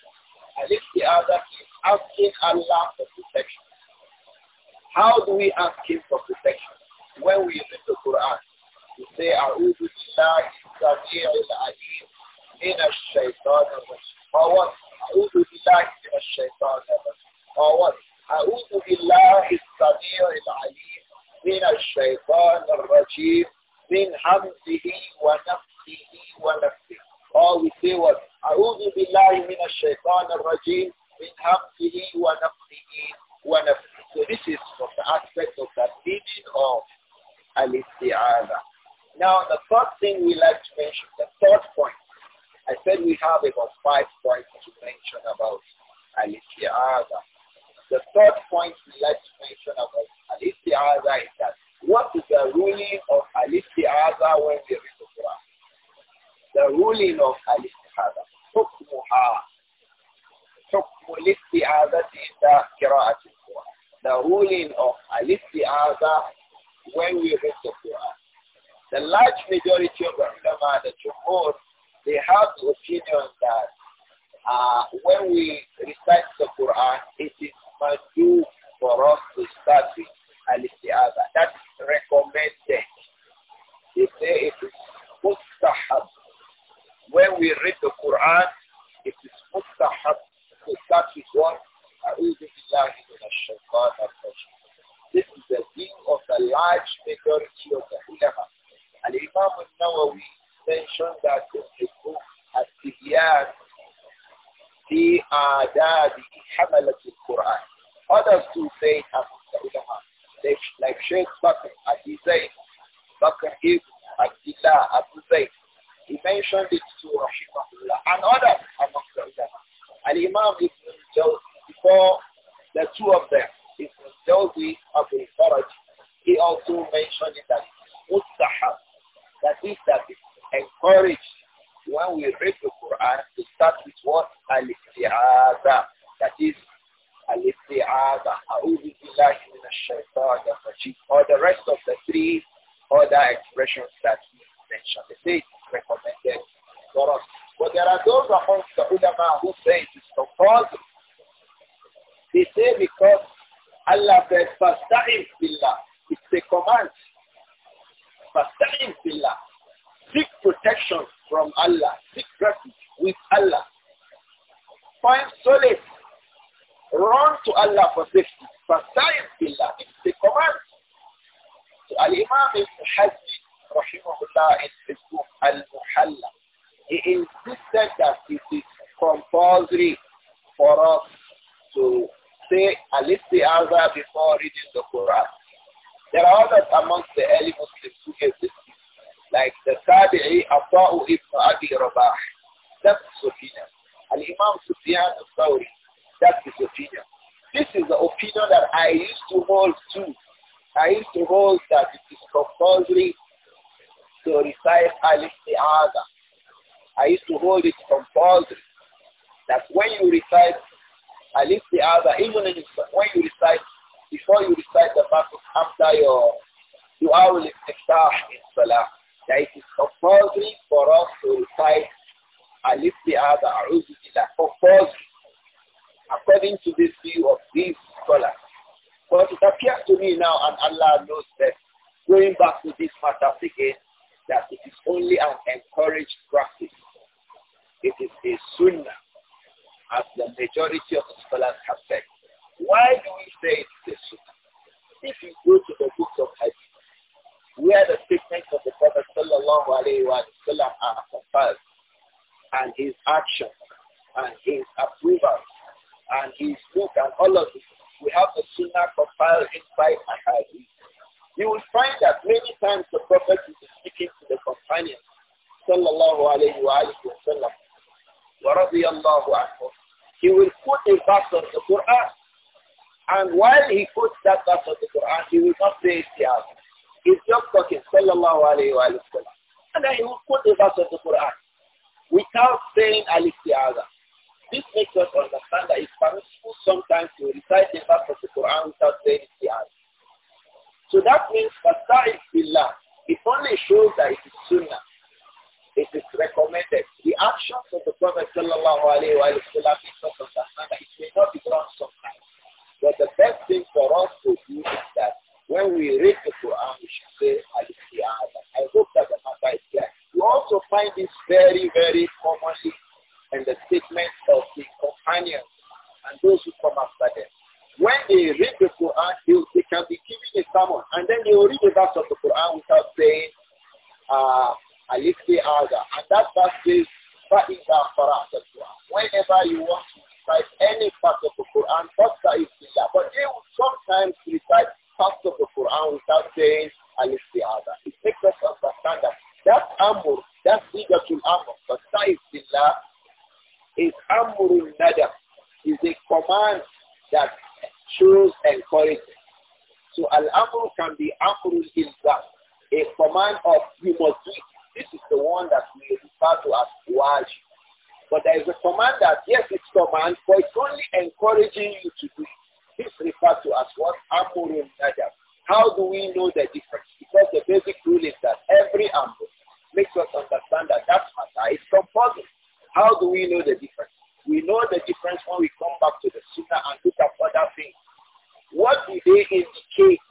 Alexi Azaki is asking Allah for protection. How do we ask him for protection? When we read the Quran, we say, أعوذ بالله السميع العليم من الشيطان الرجيم. Or what? أعوذ بالله من الشيطان الرجيم. Or what? أعوذ بالله السميع العليم من الشيطان الرجيم من حمده ونفسه ونفسه All we أعوذ بالله من الشيطان الرجيم من حمده ونفسه ونفسه So this is from the aspect of the meaning of al-isti'adha. Now the third thing we like to mention, the third point. I said we have about five points to mention about al-isti'adha. The third point we like to mention about Al-Istiaza is that what is the ruling of Al-Istiaza when we read the Quran? The ruling of Al-Istiaza. حكمها حكم الاستعاذة عند قراءة القرآن. The ruling of Al-Istiaza when we read the Quran. The large majority of the ulama, the Jumhur, they have the opinion that uh, when we recite the Quran, it is for us to start with al-isti'aza. That is recommended. say it is mustahab. When we read the Quran, it is mustahab to start with one. This is the view of the large majority of the ulama. Al-Imam al-Nawawi mentioned that in his book, Al-Tibyan, في آداب حملة القرآن Others too say it among They, like Sheikh Bakr Abi Zayd, Bakr Ibn Abdullah Abu Zayd. He mentioned it to Rahimahullah and others among the ulama. Al-Imam Ibn Jawzi, before the two of them, Ibn Jawzi Abu Faraj, he also mentioned it as mustahab. That is that it's encouraged when we read the Quran to start with what? Al-Isti'adah. That is al-isti'ada, a'udhu billahi min ash-shaytan rajim or the rest of the three other expressions that he mentioned. They say it is recommended for us. But there are those amongst the ulama who say it is compulsory. They say because Allah said, فَاسْتَعِمْ بِاللَّهِ It's a command. فَاسْتَعِمْ بِاللَّهِ Seek protection from Allah. Seek refuge with Allah. Find solace Run to Allah for safety. Fasta'in billah. the command. So Al-Imam Ibn Hazmi, rahimahullah, in his book Al-Muhalla, he insisted that it is compulsory for us to say Al-Istiaza before reading the Quran. There are others amongst the early Muslims who gave this like the Tabi'i Ata'u ibn Abi Rabah. That's Sufyan. Al-Imam Sufyan al-Thawri, that's his opinion. This is the opinion that I used to hold too. I used to hold that it is compulsory to recite alif Al-Isti'aza. I used to hold it compulsory that when you recite alif Al-Isti'aza, even in, when you recite, before you recite the Fatiha after your dua will istiftah in Salah, that it is compulsory for us to recite Alif istiaza A'udhu compulsory according to this view of these scholars. But it appears to me now, and Allah knows that, going back to this matter again, that it is only an encouraged practice. It is a sunnah, as the majority of the scholars have said. Why do we say it is a sunnah? If you go to the books of Hadith, where the statements of the Prophet sallallahu alaihi wasallam are compiled, and his actions and his approval and his book and all of it. We have the Sunnah compiled inside and hadith. You will find that many times the Prophet is speaking to the companions, sallallahu alayhi wa alayhi wa sallam, He will put a verse of the Quran. And while he puts that verse of the Quran, he will not say it He's just talking, sallallahu alayhi wa, sallam. And then he will put a verse of the Quran without saying al-istiaza. This makes us understand that it's permissible sometimes to recite the verse of the Quran without saying the ayah. So that means Fasa'id Billah. It only shows that it is sunnah. It is recommended. The actions of the Prophet sallallahu alaihi wasallam is not understand that it may not be done sometimes. But the best thing for us to do is that when we read the Quran, we should say Al-Isti'adah. I hope that the matter is clear. You also find this very, very commonly and the statements of the companions and those who come after them. When they read the Quran, they, can be given a sermon, and then they will read the verse of the Quran without saying, uh, ah, Alifti Aga. And that verse says, Fa'ida Farah Whenever you want to recite any part of the Quran, Fasta is But they will sometimes recite parts of the Quran without saying Alifti Aga. It makes us understand that that Amr, that Sigatul that is the is is Amrul Nadab, is a command that shows encouragement. So Al-Amru can be Amrul Ilzam, a command of you must do This is the one that we refer to as Waj. But there is a command that, yes, it's command, but it's only encouraging you to do This referred to as what? Amrul Nadab. How do we know the difference? Because the basic rule is that every Amru makes us understand that that matter is compulsory. How do we know the difference? We know the difference when we come back to the Sunnah and look at other things. What do they indicate?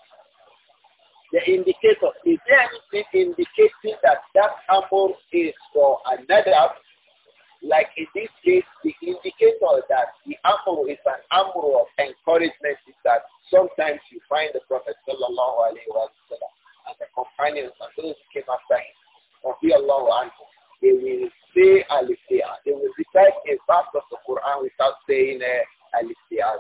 The indicator. Is there anything indicating that that amor is for another? Like in this case, the indicator that the amor is an amor of encouragement is that sometimes you find the Prophet sallallahu alaihi wasallam and the companions and those who came after him, or Allah anhu, they will say alif istiaza They will recite a verse of the Quran without saying uh, eh, al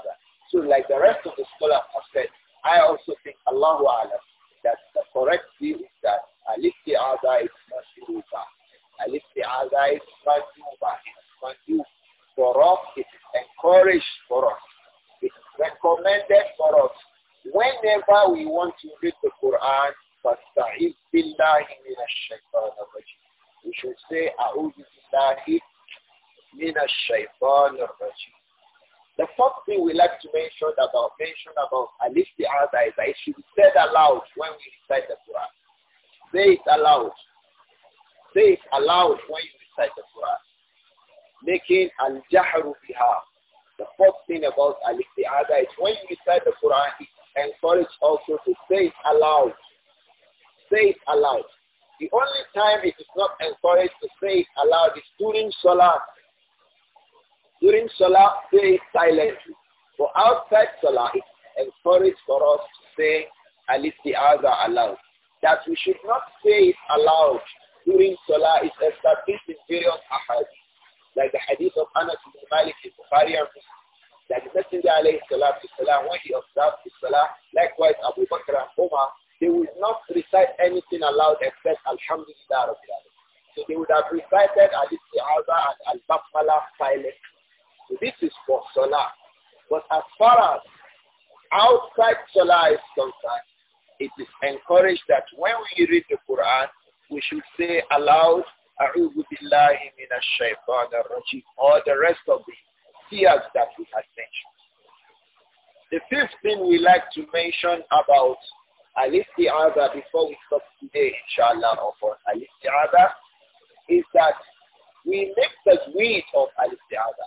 So like the rest of the scholars have said, I also think Allahu Alam that the correct view is that al-istiaza is mashuba. alif istiaza is mashuba. It's for us. It is encouraged for us. It is recommended for us. Whenever we want to read the Quran, فَاسْتَعِذْ بِاللَّهِ مِنَ الشَّيْطَانِ الرَّجِيمِ we should say The first thing we like to mention about mention about the other is that it should be said aloud when we recite the Quran. Say it aloud. Say it aloud when you recite the Quran. Making al-jahru biha. The first thing about the other is when you recite the Quran, it encourages also to say it aloud. Say it aloud. The only time it is not encouraged to say it aloud is during Salah. During Salah, say it silently. For outside Salah, it's encouraged for us to say the other aloud. That we should not say it aloud during Salah is established in various ahadith. Like the hadith of Anas ibn Malik in Bukhari and That the Messenger alayhi salatu salam, when he observed the Salah, likewise Abu Bakr and Umar, they would not recite anything aloud except Alhamdulillah So they would have recited Al-Isti'aza and Al-Basmala silently. So this is for Salah. But as far as outside Salah is concerned, it is encouraged that when we read the Quran, we should say aloud, A'udhu billahi minash shaitan rajim or the rest of the tears that we have mentioned. The fifth thing we like to mention about Al-Isti'adha, before we stop today, inshallah, or for Al-Isti'adha, is that we make the weight of Al-Isti'adha.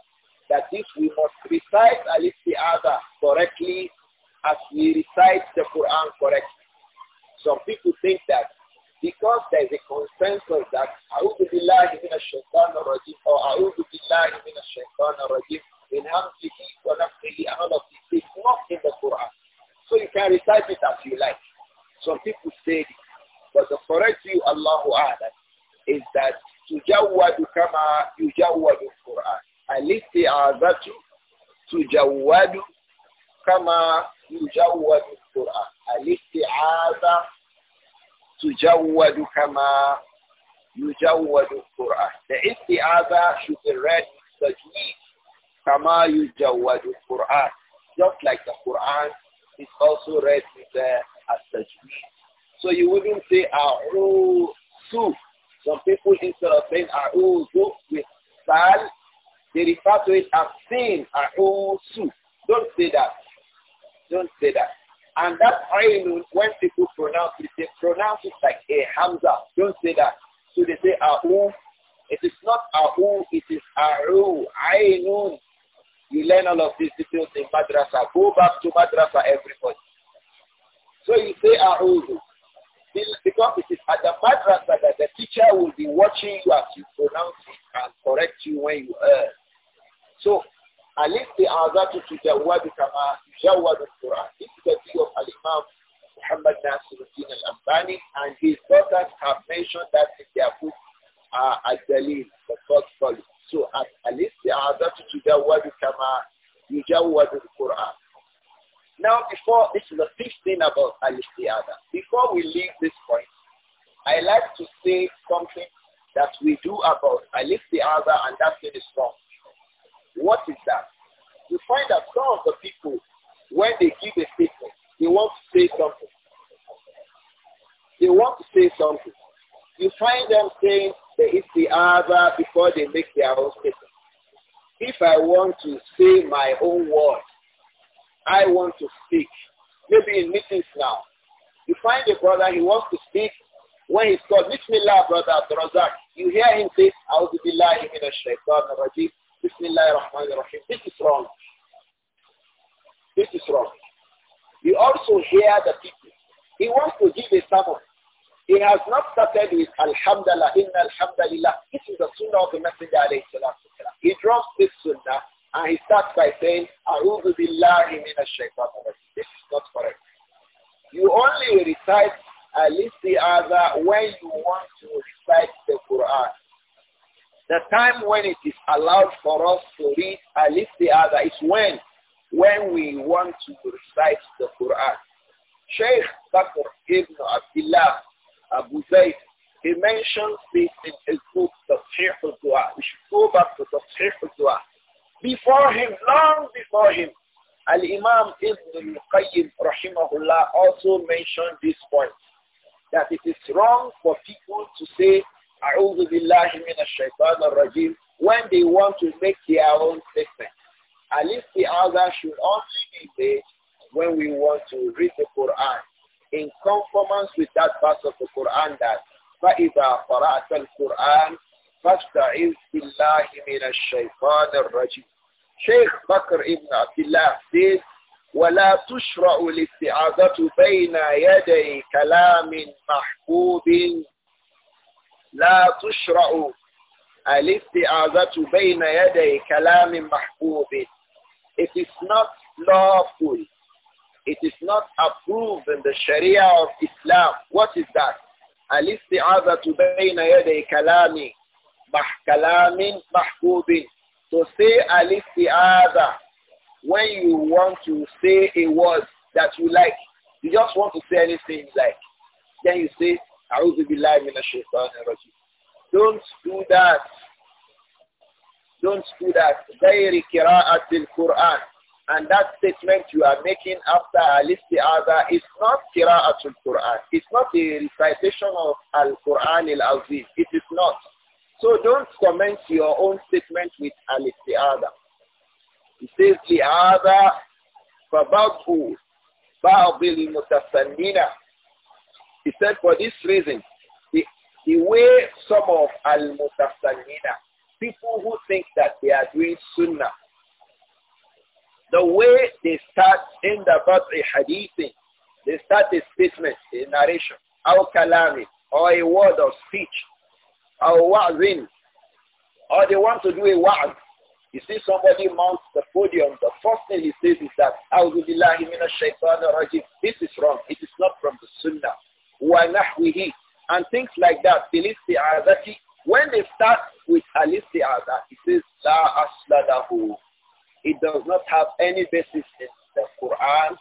That is, we must recite Al-Isti'adha correctly as we recite the Quran correctly. Some people think that because there is a consensus that A'udhu Billahi Minash Shaitan Rajim or A'udhu Billahi Minash Shaitan Rajim in Hamzihi, Wanafzihi, and all of these things, not in the Quran. So you can recite it as you like. Some people say, but the correct view, Allahu A'lam, is that tujawwadu kama yujawwadu Qur'an. Alisti azatu tujawwadu kama yujawwadu Qur'an. Alisti aza tujawwadu kama yujawwadu Qur'an. The isti'aza should be read with tajweed kama yujawwadu Qur'an. Just like the Qur'an is also read with the as So you wouldn't say A'uzu. Ah, oh, some people instead of saying A'uzu ah, oh, with Sal, they refer to it as sin, A'uzu. Ah, oh, Don't say that. Don't say that. And that Ainun, when people pronounce it, they pronounce it like a Hamza. Don't say that. So they say ahu. It is not ahu. it is I know. You learn all of these details in madrasa. Go back to madrasa, everybody. So you say A'udhu. Because it is at the madrasa that the teacher will be watching you as you pronounce it and correct you when you err. So Alif the Azatu to Jawadu Kama Jawadu Quran. This is the view of Al-Imam Muhammad Nasiruddin al-Ambani and his daughters have mentioned that in their book uh, Al-Dalil, the first volume. So at Alif the Azatu to Jawadu Kama Jawadu Quran. Now, before, this is the fifth thing about Al-Istiada. Before we leave this point, I like to say something that we do about Al-Istiada and that thing is wrong. What is that? You find that some of the people, when they give a statement, they want to say something. They want to say something. You find them saying the Istiada before they make their own statement. If I want to say my own words, I want to speak. Maybe in meetings now. You find a brother, he wants to speak. When he's called, Bismillah, brother Abdul you hear him say, A'udhu billahi minash ash-shaytan rajim Bismillah ar-Rahman rahim This is wrong. This is wrong. You also hear the people. He wants to give a sermon. He has not started with Alhamdulillah, Inna Alhamdulillah. This is the Sunnah of the Messenger, He drops this Sunnah and he starts by saying, minash This is not correct. You only recite at least the other when you want to recite the Quran. The time when it is allowed for us to read at least the other is when? When we want to recite the Quran. Sheikh Bakr ibn Abdullah Abu Zayd, he mentions this in his book, Tafsir al-Dua. We should go back to Tafsir al-Dua before him, long before him. Al-Imam Ibn al-Qayyim rahimahullah also mentioned this point, that it is wrong for people to say, A'udhu billahi minash rajim when they want to make their own statement. At least the other should also be said when we want to read the Quran in conformance with that verse of the Quran that فَإِذَا قَرَأْتَ الْقُرْآنَ فاستعذ بالله من الشيطان الرجيم شيخ بكر ابن عبد الله says ولا تشرع الاستعاذة بين يدي كلام محبوب لا تشرع الاستعاذة بين يدي كلام محبوب It is not lawful. It is not approved in the Sharia of Islam. What is that? الاستعاذة بين يدي كلام mahkalamin mahbubin. To say al-isti'adha when you want to say a word that you like. You just want to say anything you like. Then you say, be billahi in shaitanir rajim. Don't do that. Don't do that. Ghairi qira'atil Qur'an. And that statement you are making after al-isti'adha is not kiraatul Qur'an. It's not a recitation of al-Qur'an al-Azim. It is not. So don't comment your own statement with al-isti'ada. He says, لِعَذَا فَبَغْهُ بَعْضِ الْمُتَسَنِّينَ He said, for this reason, the, the way some of al-mutasannina, people who think that they are doing sunnah, the way they start in the Badri hadith, they start a statement, a narration, al kalami, or a word of speech, or wa'zin, or they want to do a wa'z. You see somebody mounts the podium, the first thing he says is that, This is wrong. It is not from the sunnah. Wa nahwihi. And things like that. Bilisti'azati. When they start with alisti'aza, it says, La Asladahu. It does not have any basis in the Quran.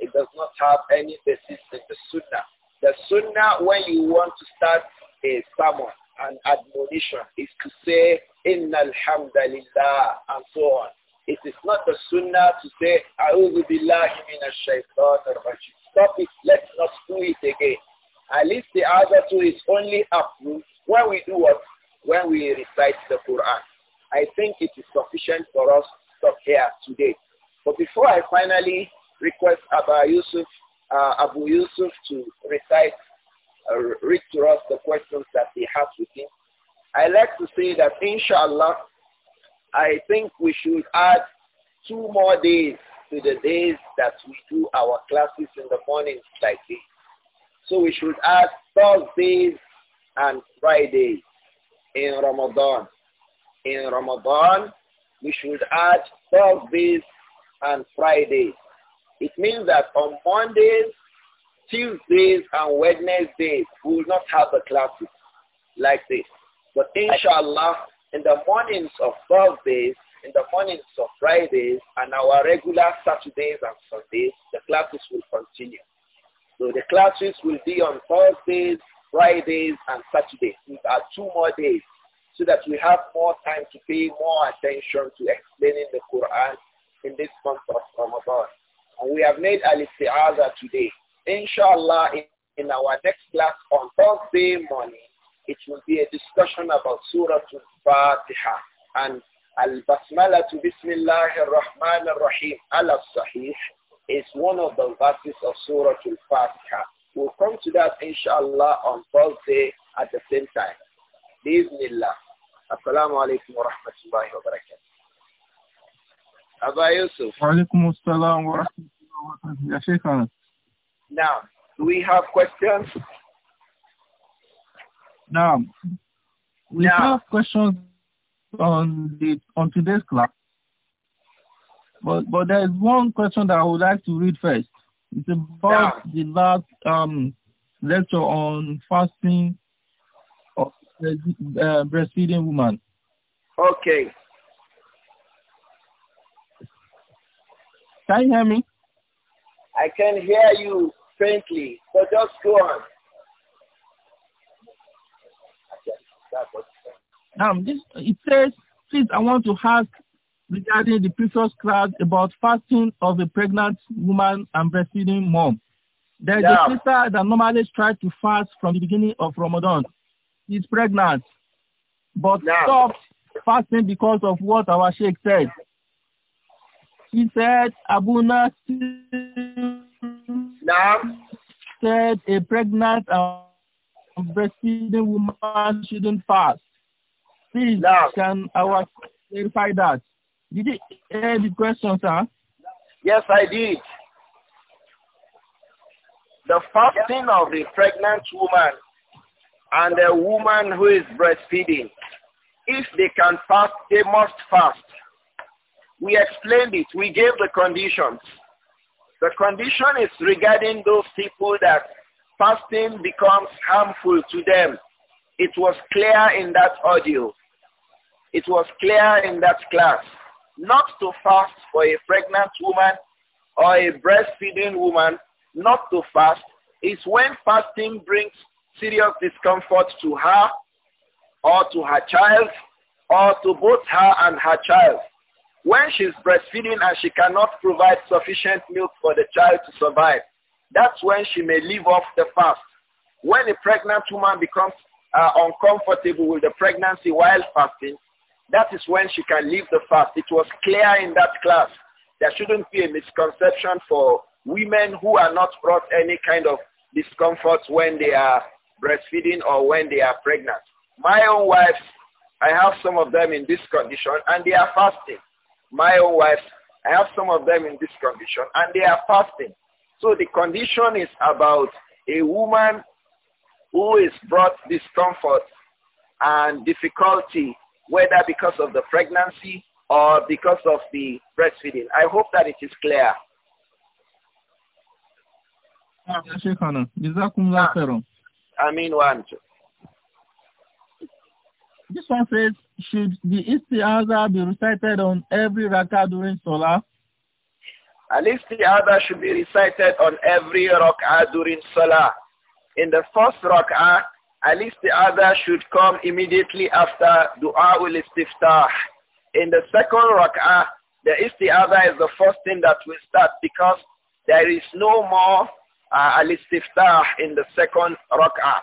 It does not have any basis in the sunnah. The sunnah, when you want to start a sermon, an admonition is to say, Inna alhamdulillah, and so on. It is not the sunnah to say, A'udhu billahi minash shaitan Stop it. Let's not do it again. At least the other two is only approved when we do what? When we recite the Quran. I think it is sufficient for us to stop here today. But before I finally request Yusuf, uh, Abu Yusuf to recite uh, read to us the questions that they have with him. I like to say that inshallah, I think we should add two more days to the days that we do our classes in the morning slightly. So we should add Thursdays and Fridays in Ramadan. In Ramadan, we should add Thursdays and Fridays. It means that on Mondays Tuesdays and Wednesdays, we will not have the classes like this. But inshallah, in the mornings of Thursdays, in the mornings of Fridays, and our regular Saturdays and Sundays, the classes will continue. So the classes will be on Thursdays, Fridays, and Saturdays. These are two more days so that we have more time to pay more attention to explaining the Quran in this month of Ramadan. And we have made al-isti'aza today Inshallah, in our next class on Thursday morning, it will be a discussion about Surah Al-Fatiha and Al-Basmala to Bismillah ar-Rahman ar-Rahim al-Sahih is one of the verses of Surah Al-Fatiha. We'll come to that inshallah on Thursday at the same time. Bismillah. Assalamu alaikum wa rahmatullahi wa barakatuh. Abba Yusuf. Wa alaikum rahmatullahi wa barakatuh. Now, do we have questions? Now, we now, have questions on the on today's class. But but there is one question that I would like to read first. It's about now, the last um, lecture on fasting of uh, breastfeeding woman. Okay. Can you hear me? I can hear you faintly, but just go on. Um, this, it says, please, I want to ask regarding the previous class about fasting of a pregnant woman and breastfeeding mom. There's yeah. a sister that normally tries to fast from the beginning of Ramadan. She's pregnant, but yeah. stopped fasting because of what our sheikh said. She said, Abu Nasr." Now? Said a pregnant and breastfeeding woman shouldn't fast. Please, now. can our clarify that? Did you hear the question, sir? Yes, I did. The fasting of the pregnant woman and the woman who is breastfeeding, if they can fast, they must fast. We explained it. We gave the conditions. The condition is regarding those people that fasting becomes harmful to them. It was clear in that audio. It was clear in that class. Not to fast for a pregnant woman or a breastfeeding woman, not to fast, is when fasting brings serious discomfort to her or to her child or to both her and her child. When she's breastfeeding and she cannot provide sufficient milk for the child to survive, that's when she may leave off the fast. When a pregnant woman becomes uh, uncomfortable with the pregnancy while fasting, that is when she can leave the fast. It was clear in that class. There shouldn't be a misconception for women who are not brought any kind of discomfort when they are breastfeeding or when they are pregnant. My own wives, I have some of them in this condition and they are fasting. My own wife, I have some of them in this condition, and they are fasting. So the condition is about a woman who is brought discomfort and difficulty, whether because of the pregnancy or because of the breastfeeding. I hope that it is clear. I mean one. This one says, should the istiaza be recited on every rak'ah during salah? Al istiaza should be recited on every rak'ah during salah. In the first rak'ah, al istiaza should come immediately after dua ul istiftah. In the second rak'ah, the istiaza is the first thing that we start because there is no more uh, al istiftah in the second rak'ah.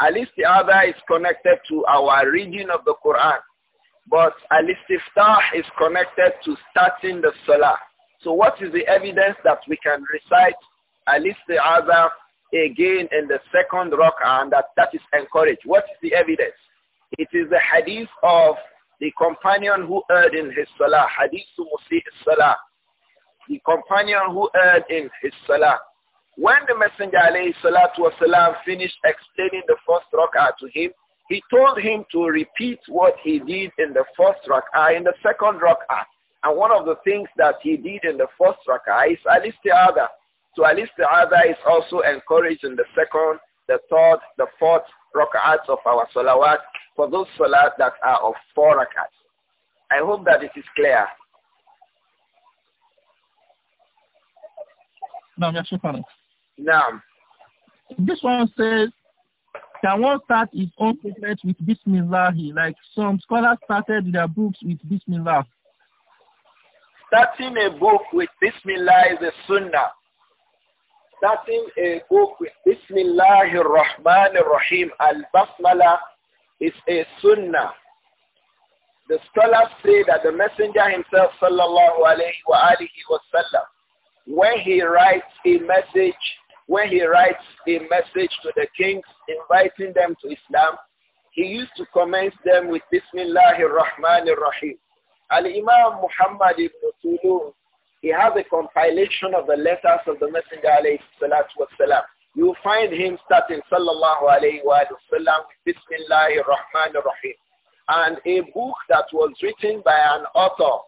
At least the other is connected to our reading of the Quran. But at the istiftah is connected to starting the Salah. So what is the evidence that we can recite At least the other again in the second rak'ah and that that is encouraged? What is the evidence? It is the hadith of the companion who erred in his Salah, hadith to Musi Salah. The companion who erred in his Salah. When the Messenger والسلام, finished explaining the first rak'ah to him, he told him to repeat what he did in the first rak'ah in the second rak'ah. And one of the things that he did in the first rak'ah is al-isti'adha. So al-isti'adha is also encouraged in the second, the third, the fourth rak'ahs of our salawat for those salat that are of four rak'ahs. I hope that it is clear. No, yes, now, this one says, can one start his own prophet with Bismillah? Like some scholars started their books with Bismillah. Starting a book with Bismillah is a sunnah. Starting a book with Bismillah ar-Rahman rahim al-Basmala is a sunnah. The scholars say that the messenger himself, sallallahu alayhi wa alihi wa sallam, when he writes a message when he writes a message to the kings inviting them to Islam, he used to commence them with Bismillahir Rahmanir Rahim. Al-Imam Muhammad ibn Tulun, he has a compilation of the letters of the Messenger alayhi You find him starting sallallahu alayhi wa sallam with Bismillahir Rahmanir Rahim. And a book that was written by an author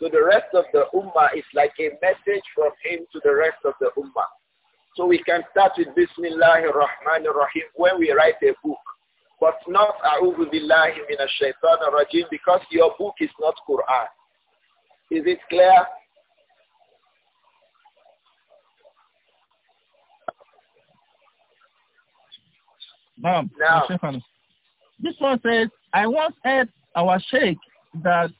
to the rest of the Ummah is like a message from him to the rest of the Ummah. So we can start with Bismillahir Rahmanir Rahim when we write a book, but not A'udhu Billahi Minash Shaitanir Rajim because your book is not Quran. Is it clear? Now, now, this one says, I once heard our sheikh that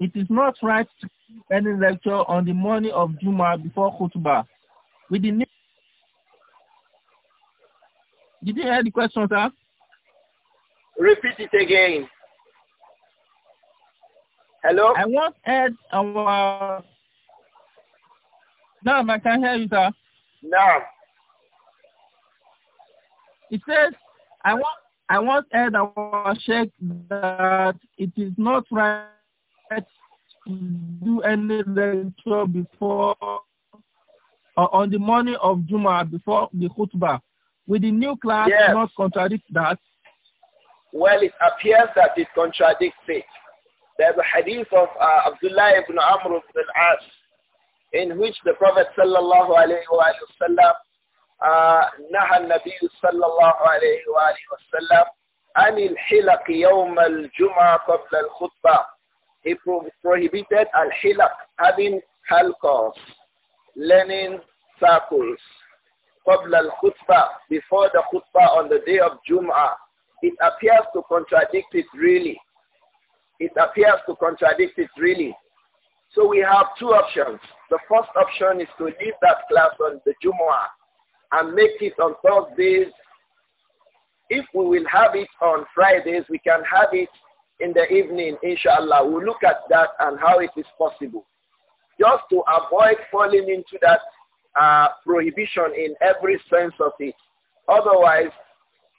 it is not right to any lecture on the morning of Juma before khutbah with the name did you hear the question, sir? Repeat it again. Hello? I want heard our... No, I can hear you, sir. No. It says, I want I want heard our that it is not right to do any lecture before or on the morning of Juma before the khutbah. With the new class yes. not contradict that? Well, it appears that it contradicts it. There's a hadith of uh, Abdullah ibn Amr ibn al-As in which the Prophet sallallahu alayhi wa sallam نهى النبي صلى الله عليه وآله وسلم عن الحلق يوم الجمعة قبل الخطبة. He prohibited al-hilaq, having halqas, learning circles, before the khutbah on the day of Jum'ah, it appears to contradict it really. It appears to contradict it really. So we have two options. The first option is to leave that class on the Jum'ah and make it on Thursdays. If we will have it on Fridays, we can have it in the evening, inshallah. We'll look at that and how it is possible. Just to avoid falling into that uh, prohibition in every sense of it. Otherwise,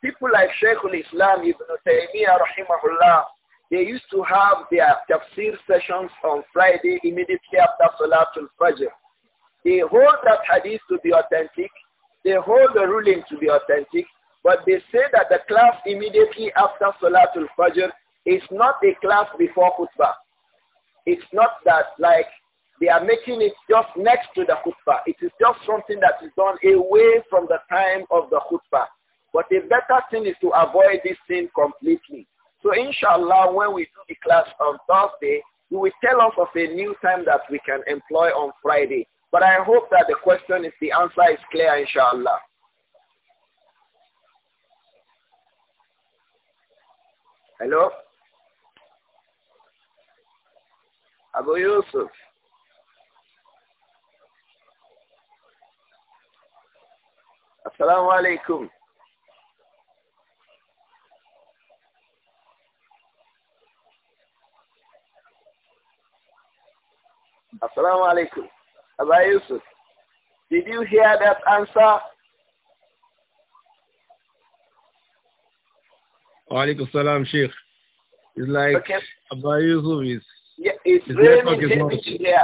people like Sheikh al-Islam Ibn Taymiyyah rahimahullah, they used to have their tafsir sessions on Friday immediately after Salatul Fajr. They hold that hadith to be authentic. They hold the ruling to be authentic. But they say that the class immediately after Salatul Fajr is not a class before khutbah. It's not that like they are making it just next to the khutbah. It is just something that is done away from the time of the khutbah. But a better thing is to avoid this thing completely. So inshallah, when we do the class on Thursday, you will tell us of a new time that we can employ on Friday. But I hope that the question is the answer is clear, inshallah. Hello? Abu Yusuf. Assalamu alaikum. Assalamu alaikum. Abba Yusuf, did you hear that answer? Alaikum salam, Sheikh. It's like okay. Abba Yusuf is... Yeah, it's, raining heavily here.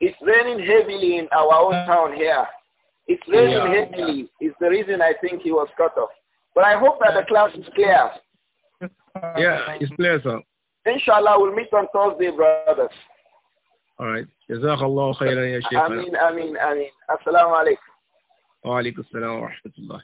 It's raining heavily in our own uh, town here. It's raining yeah, heavily. Yeah. It's the reason I think he was cut off. But I hope that the cloud is clear. Yeah, it's clear, sir. Inshallah, we'll meet on Thursday, brothers. All right. Jazakallah khairan ya Sheikh. Ameen, ameen, ameen. Assalamu alaikum. Wa alaikum assalam wa rahmatullah.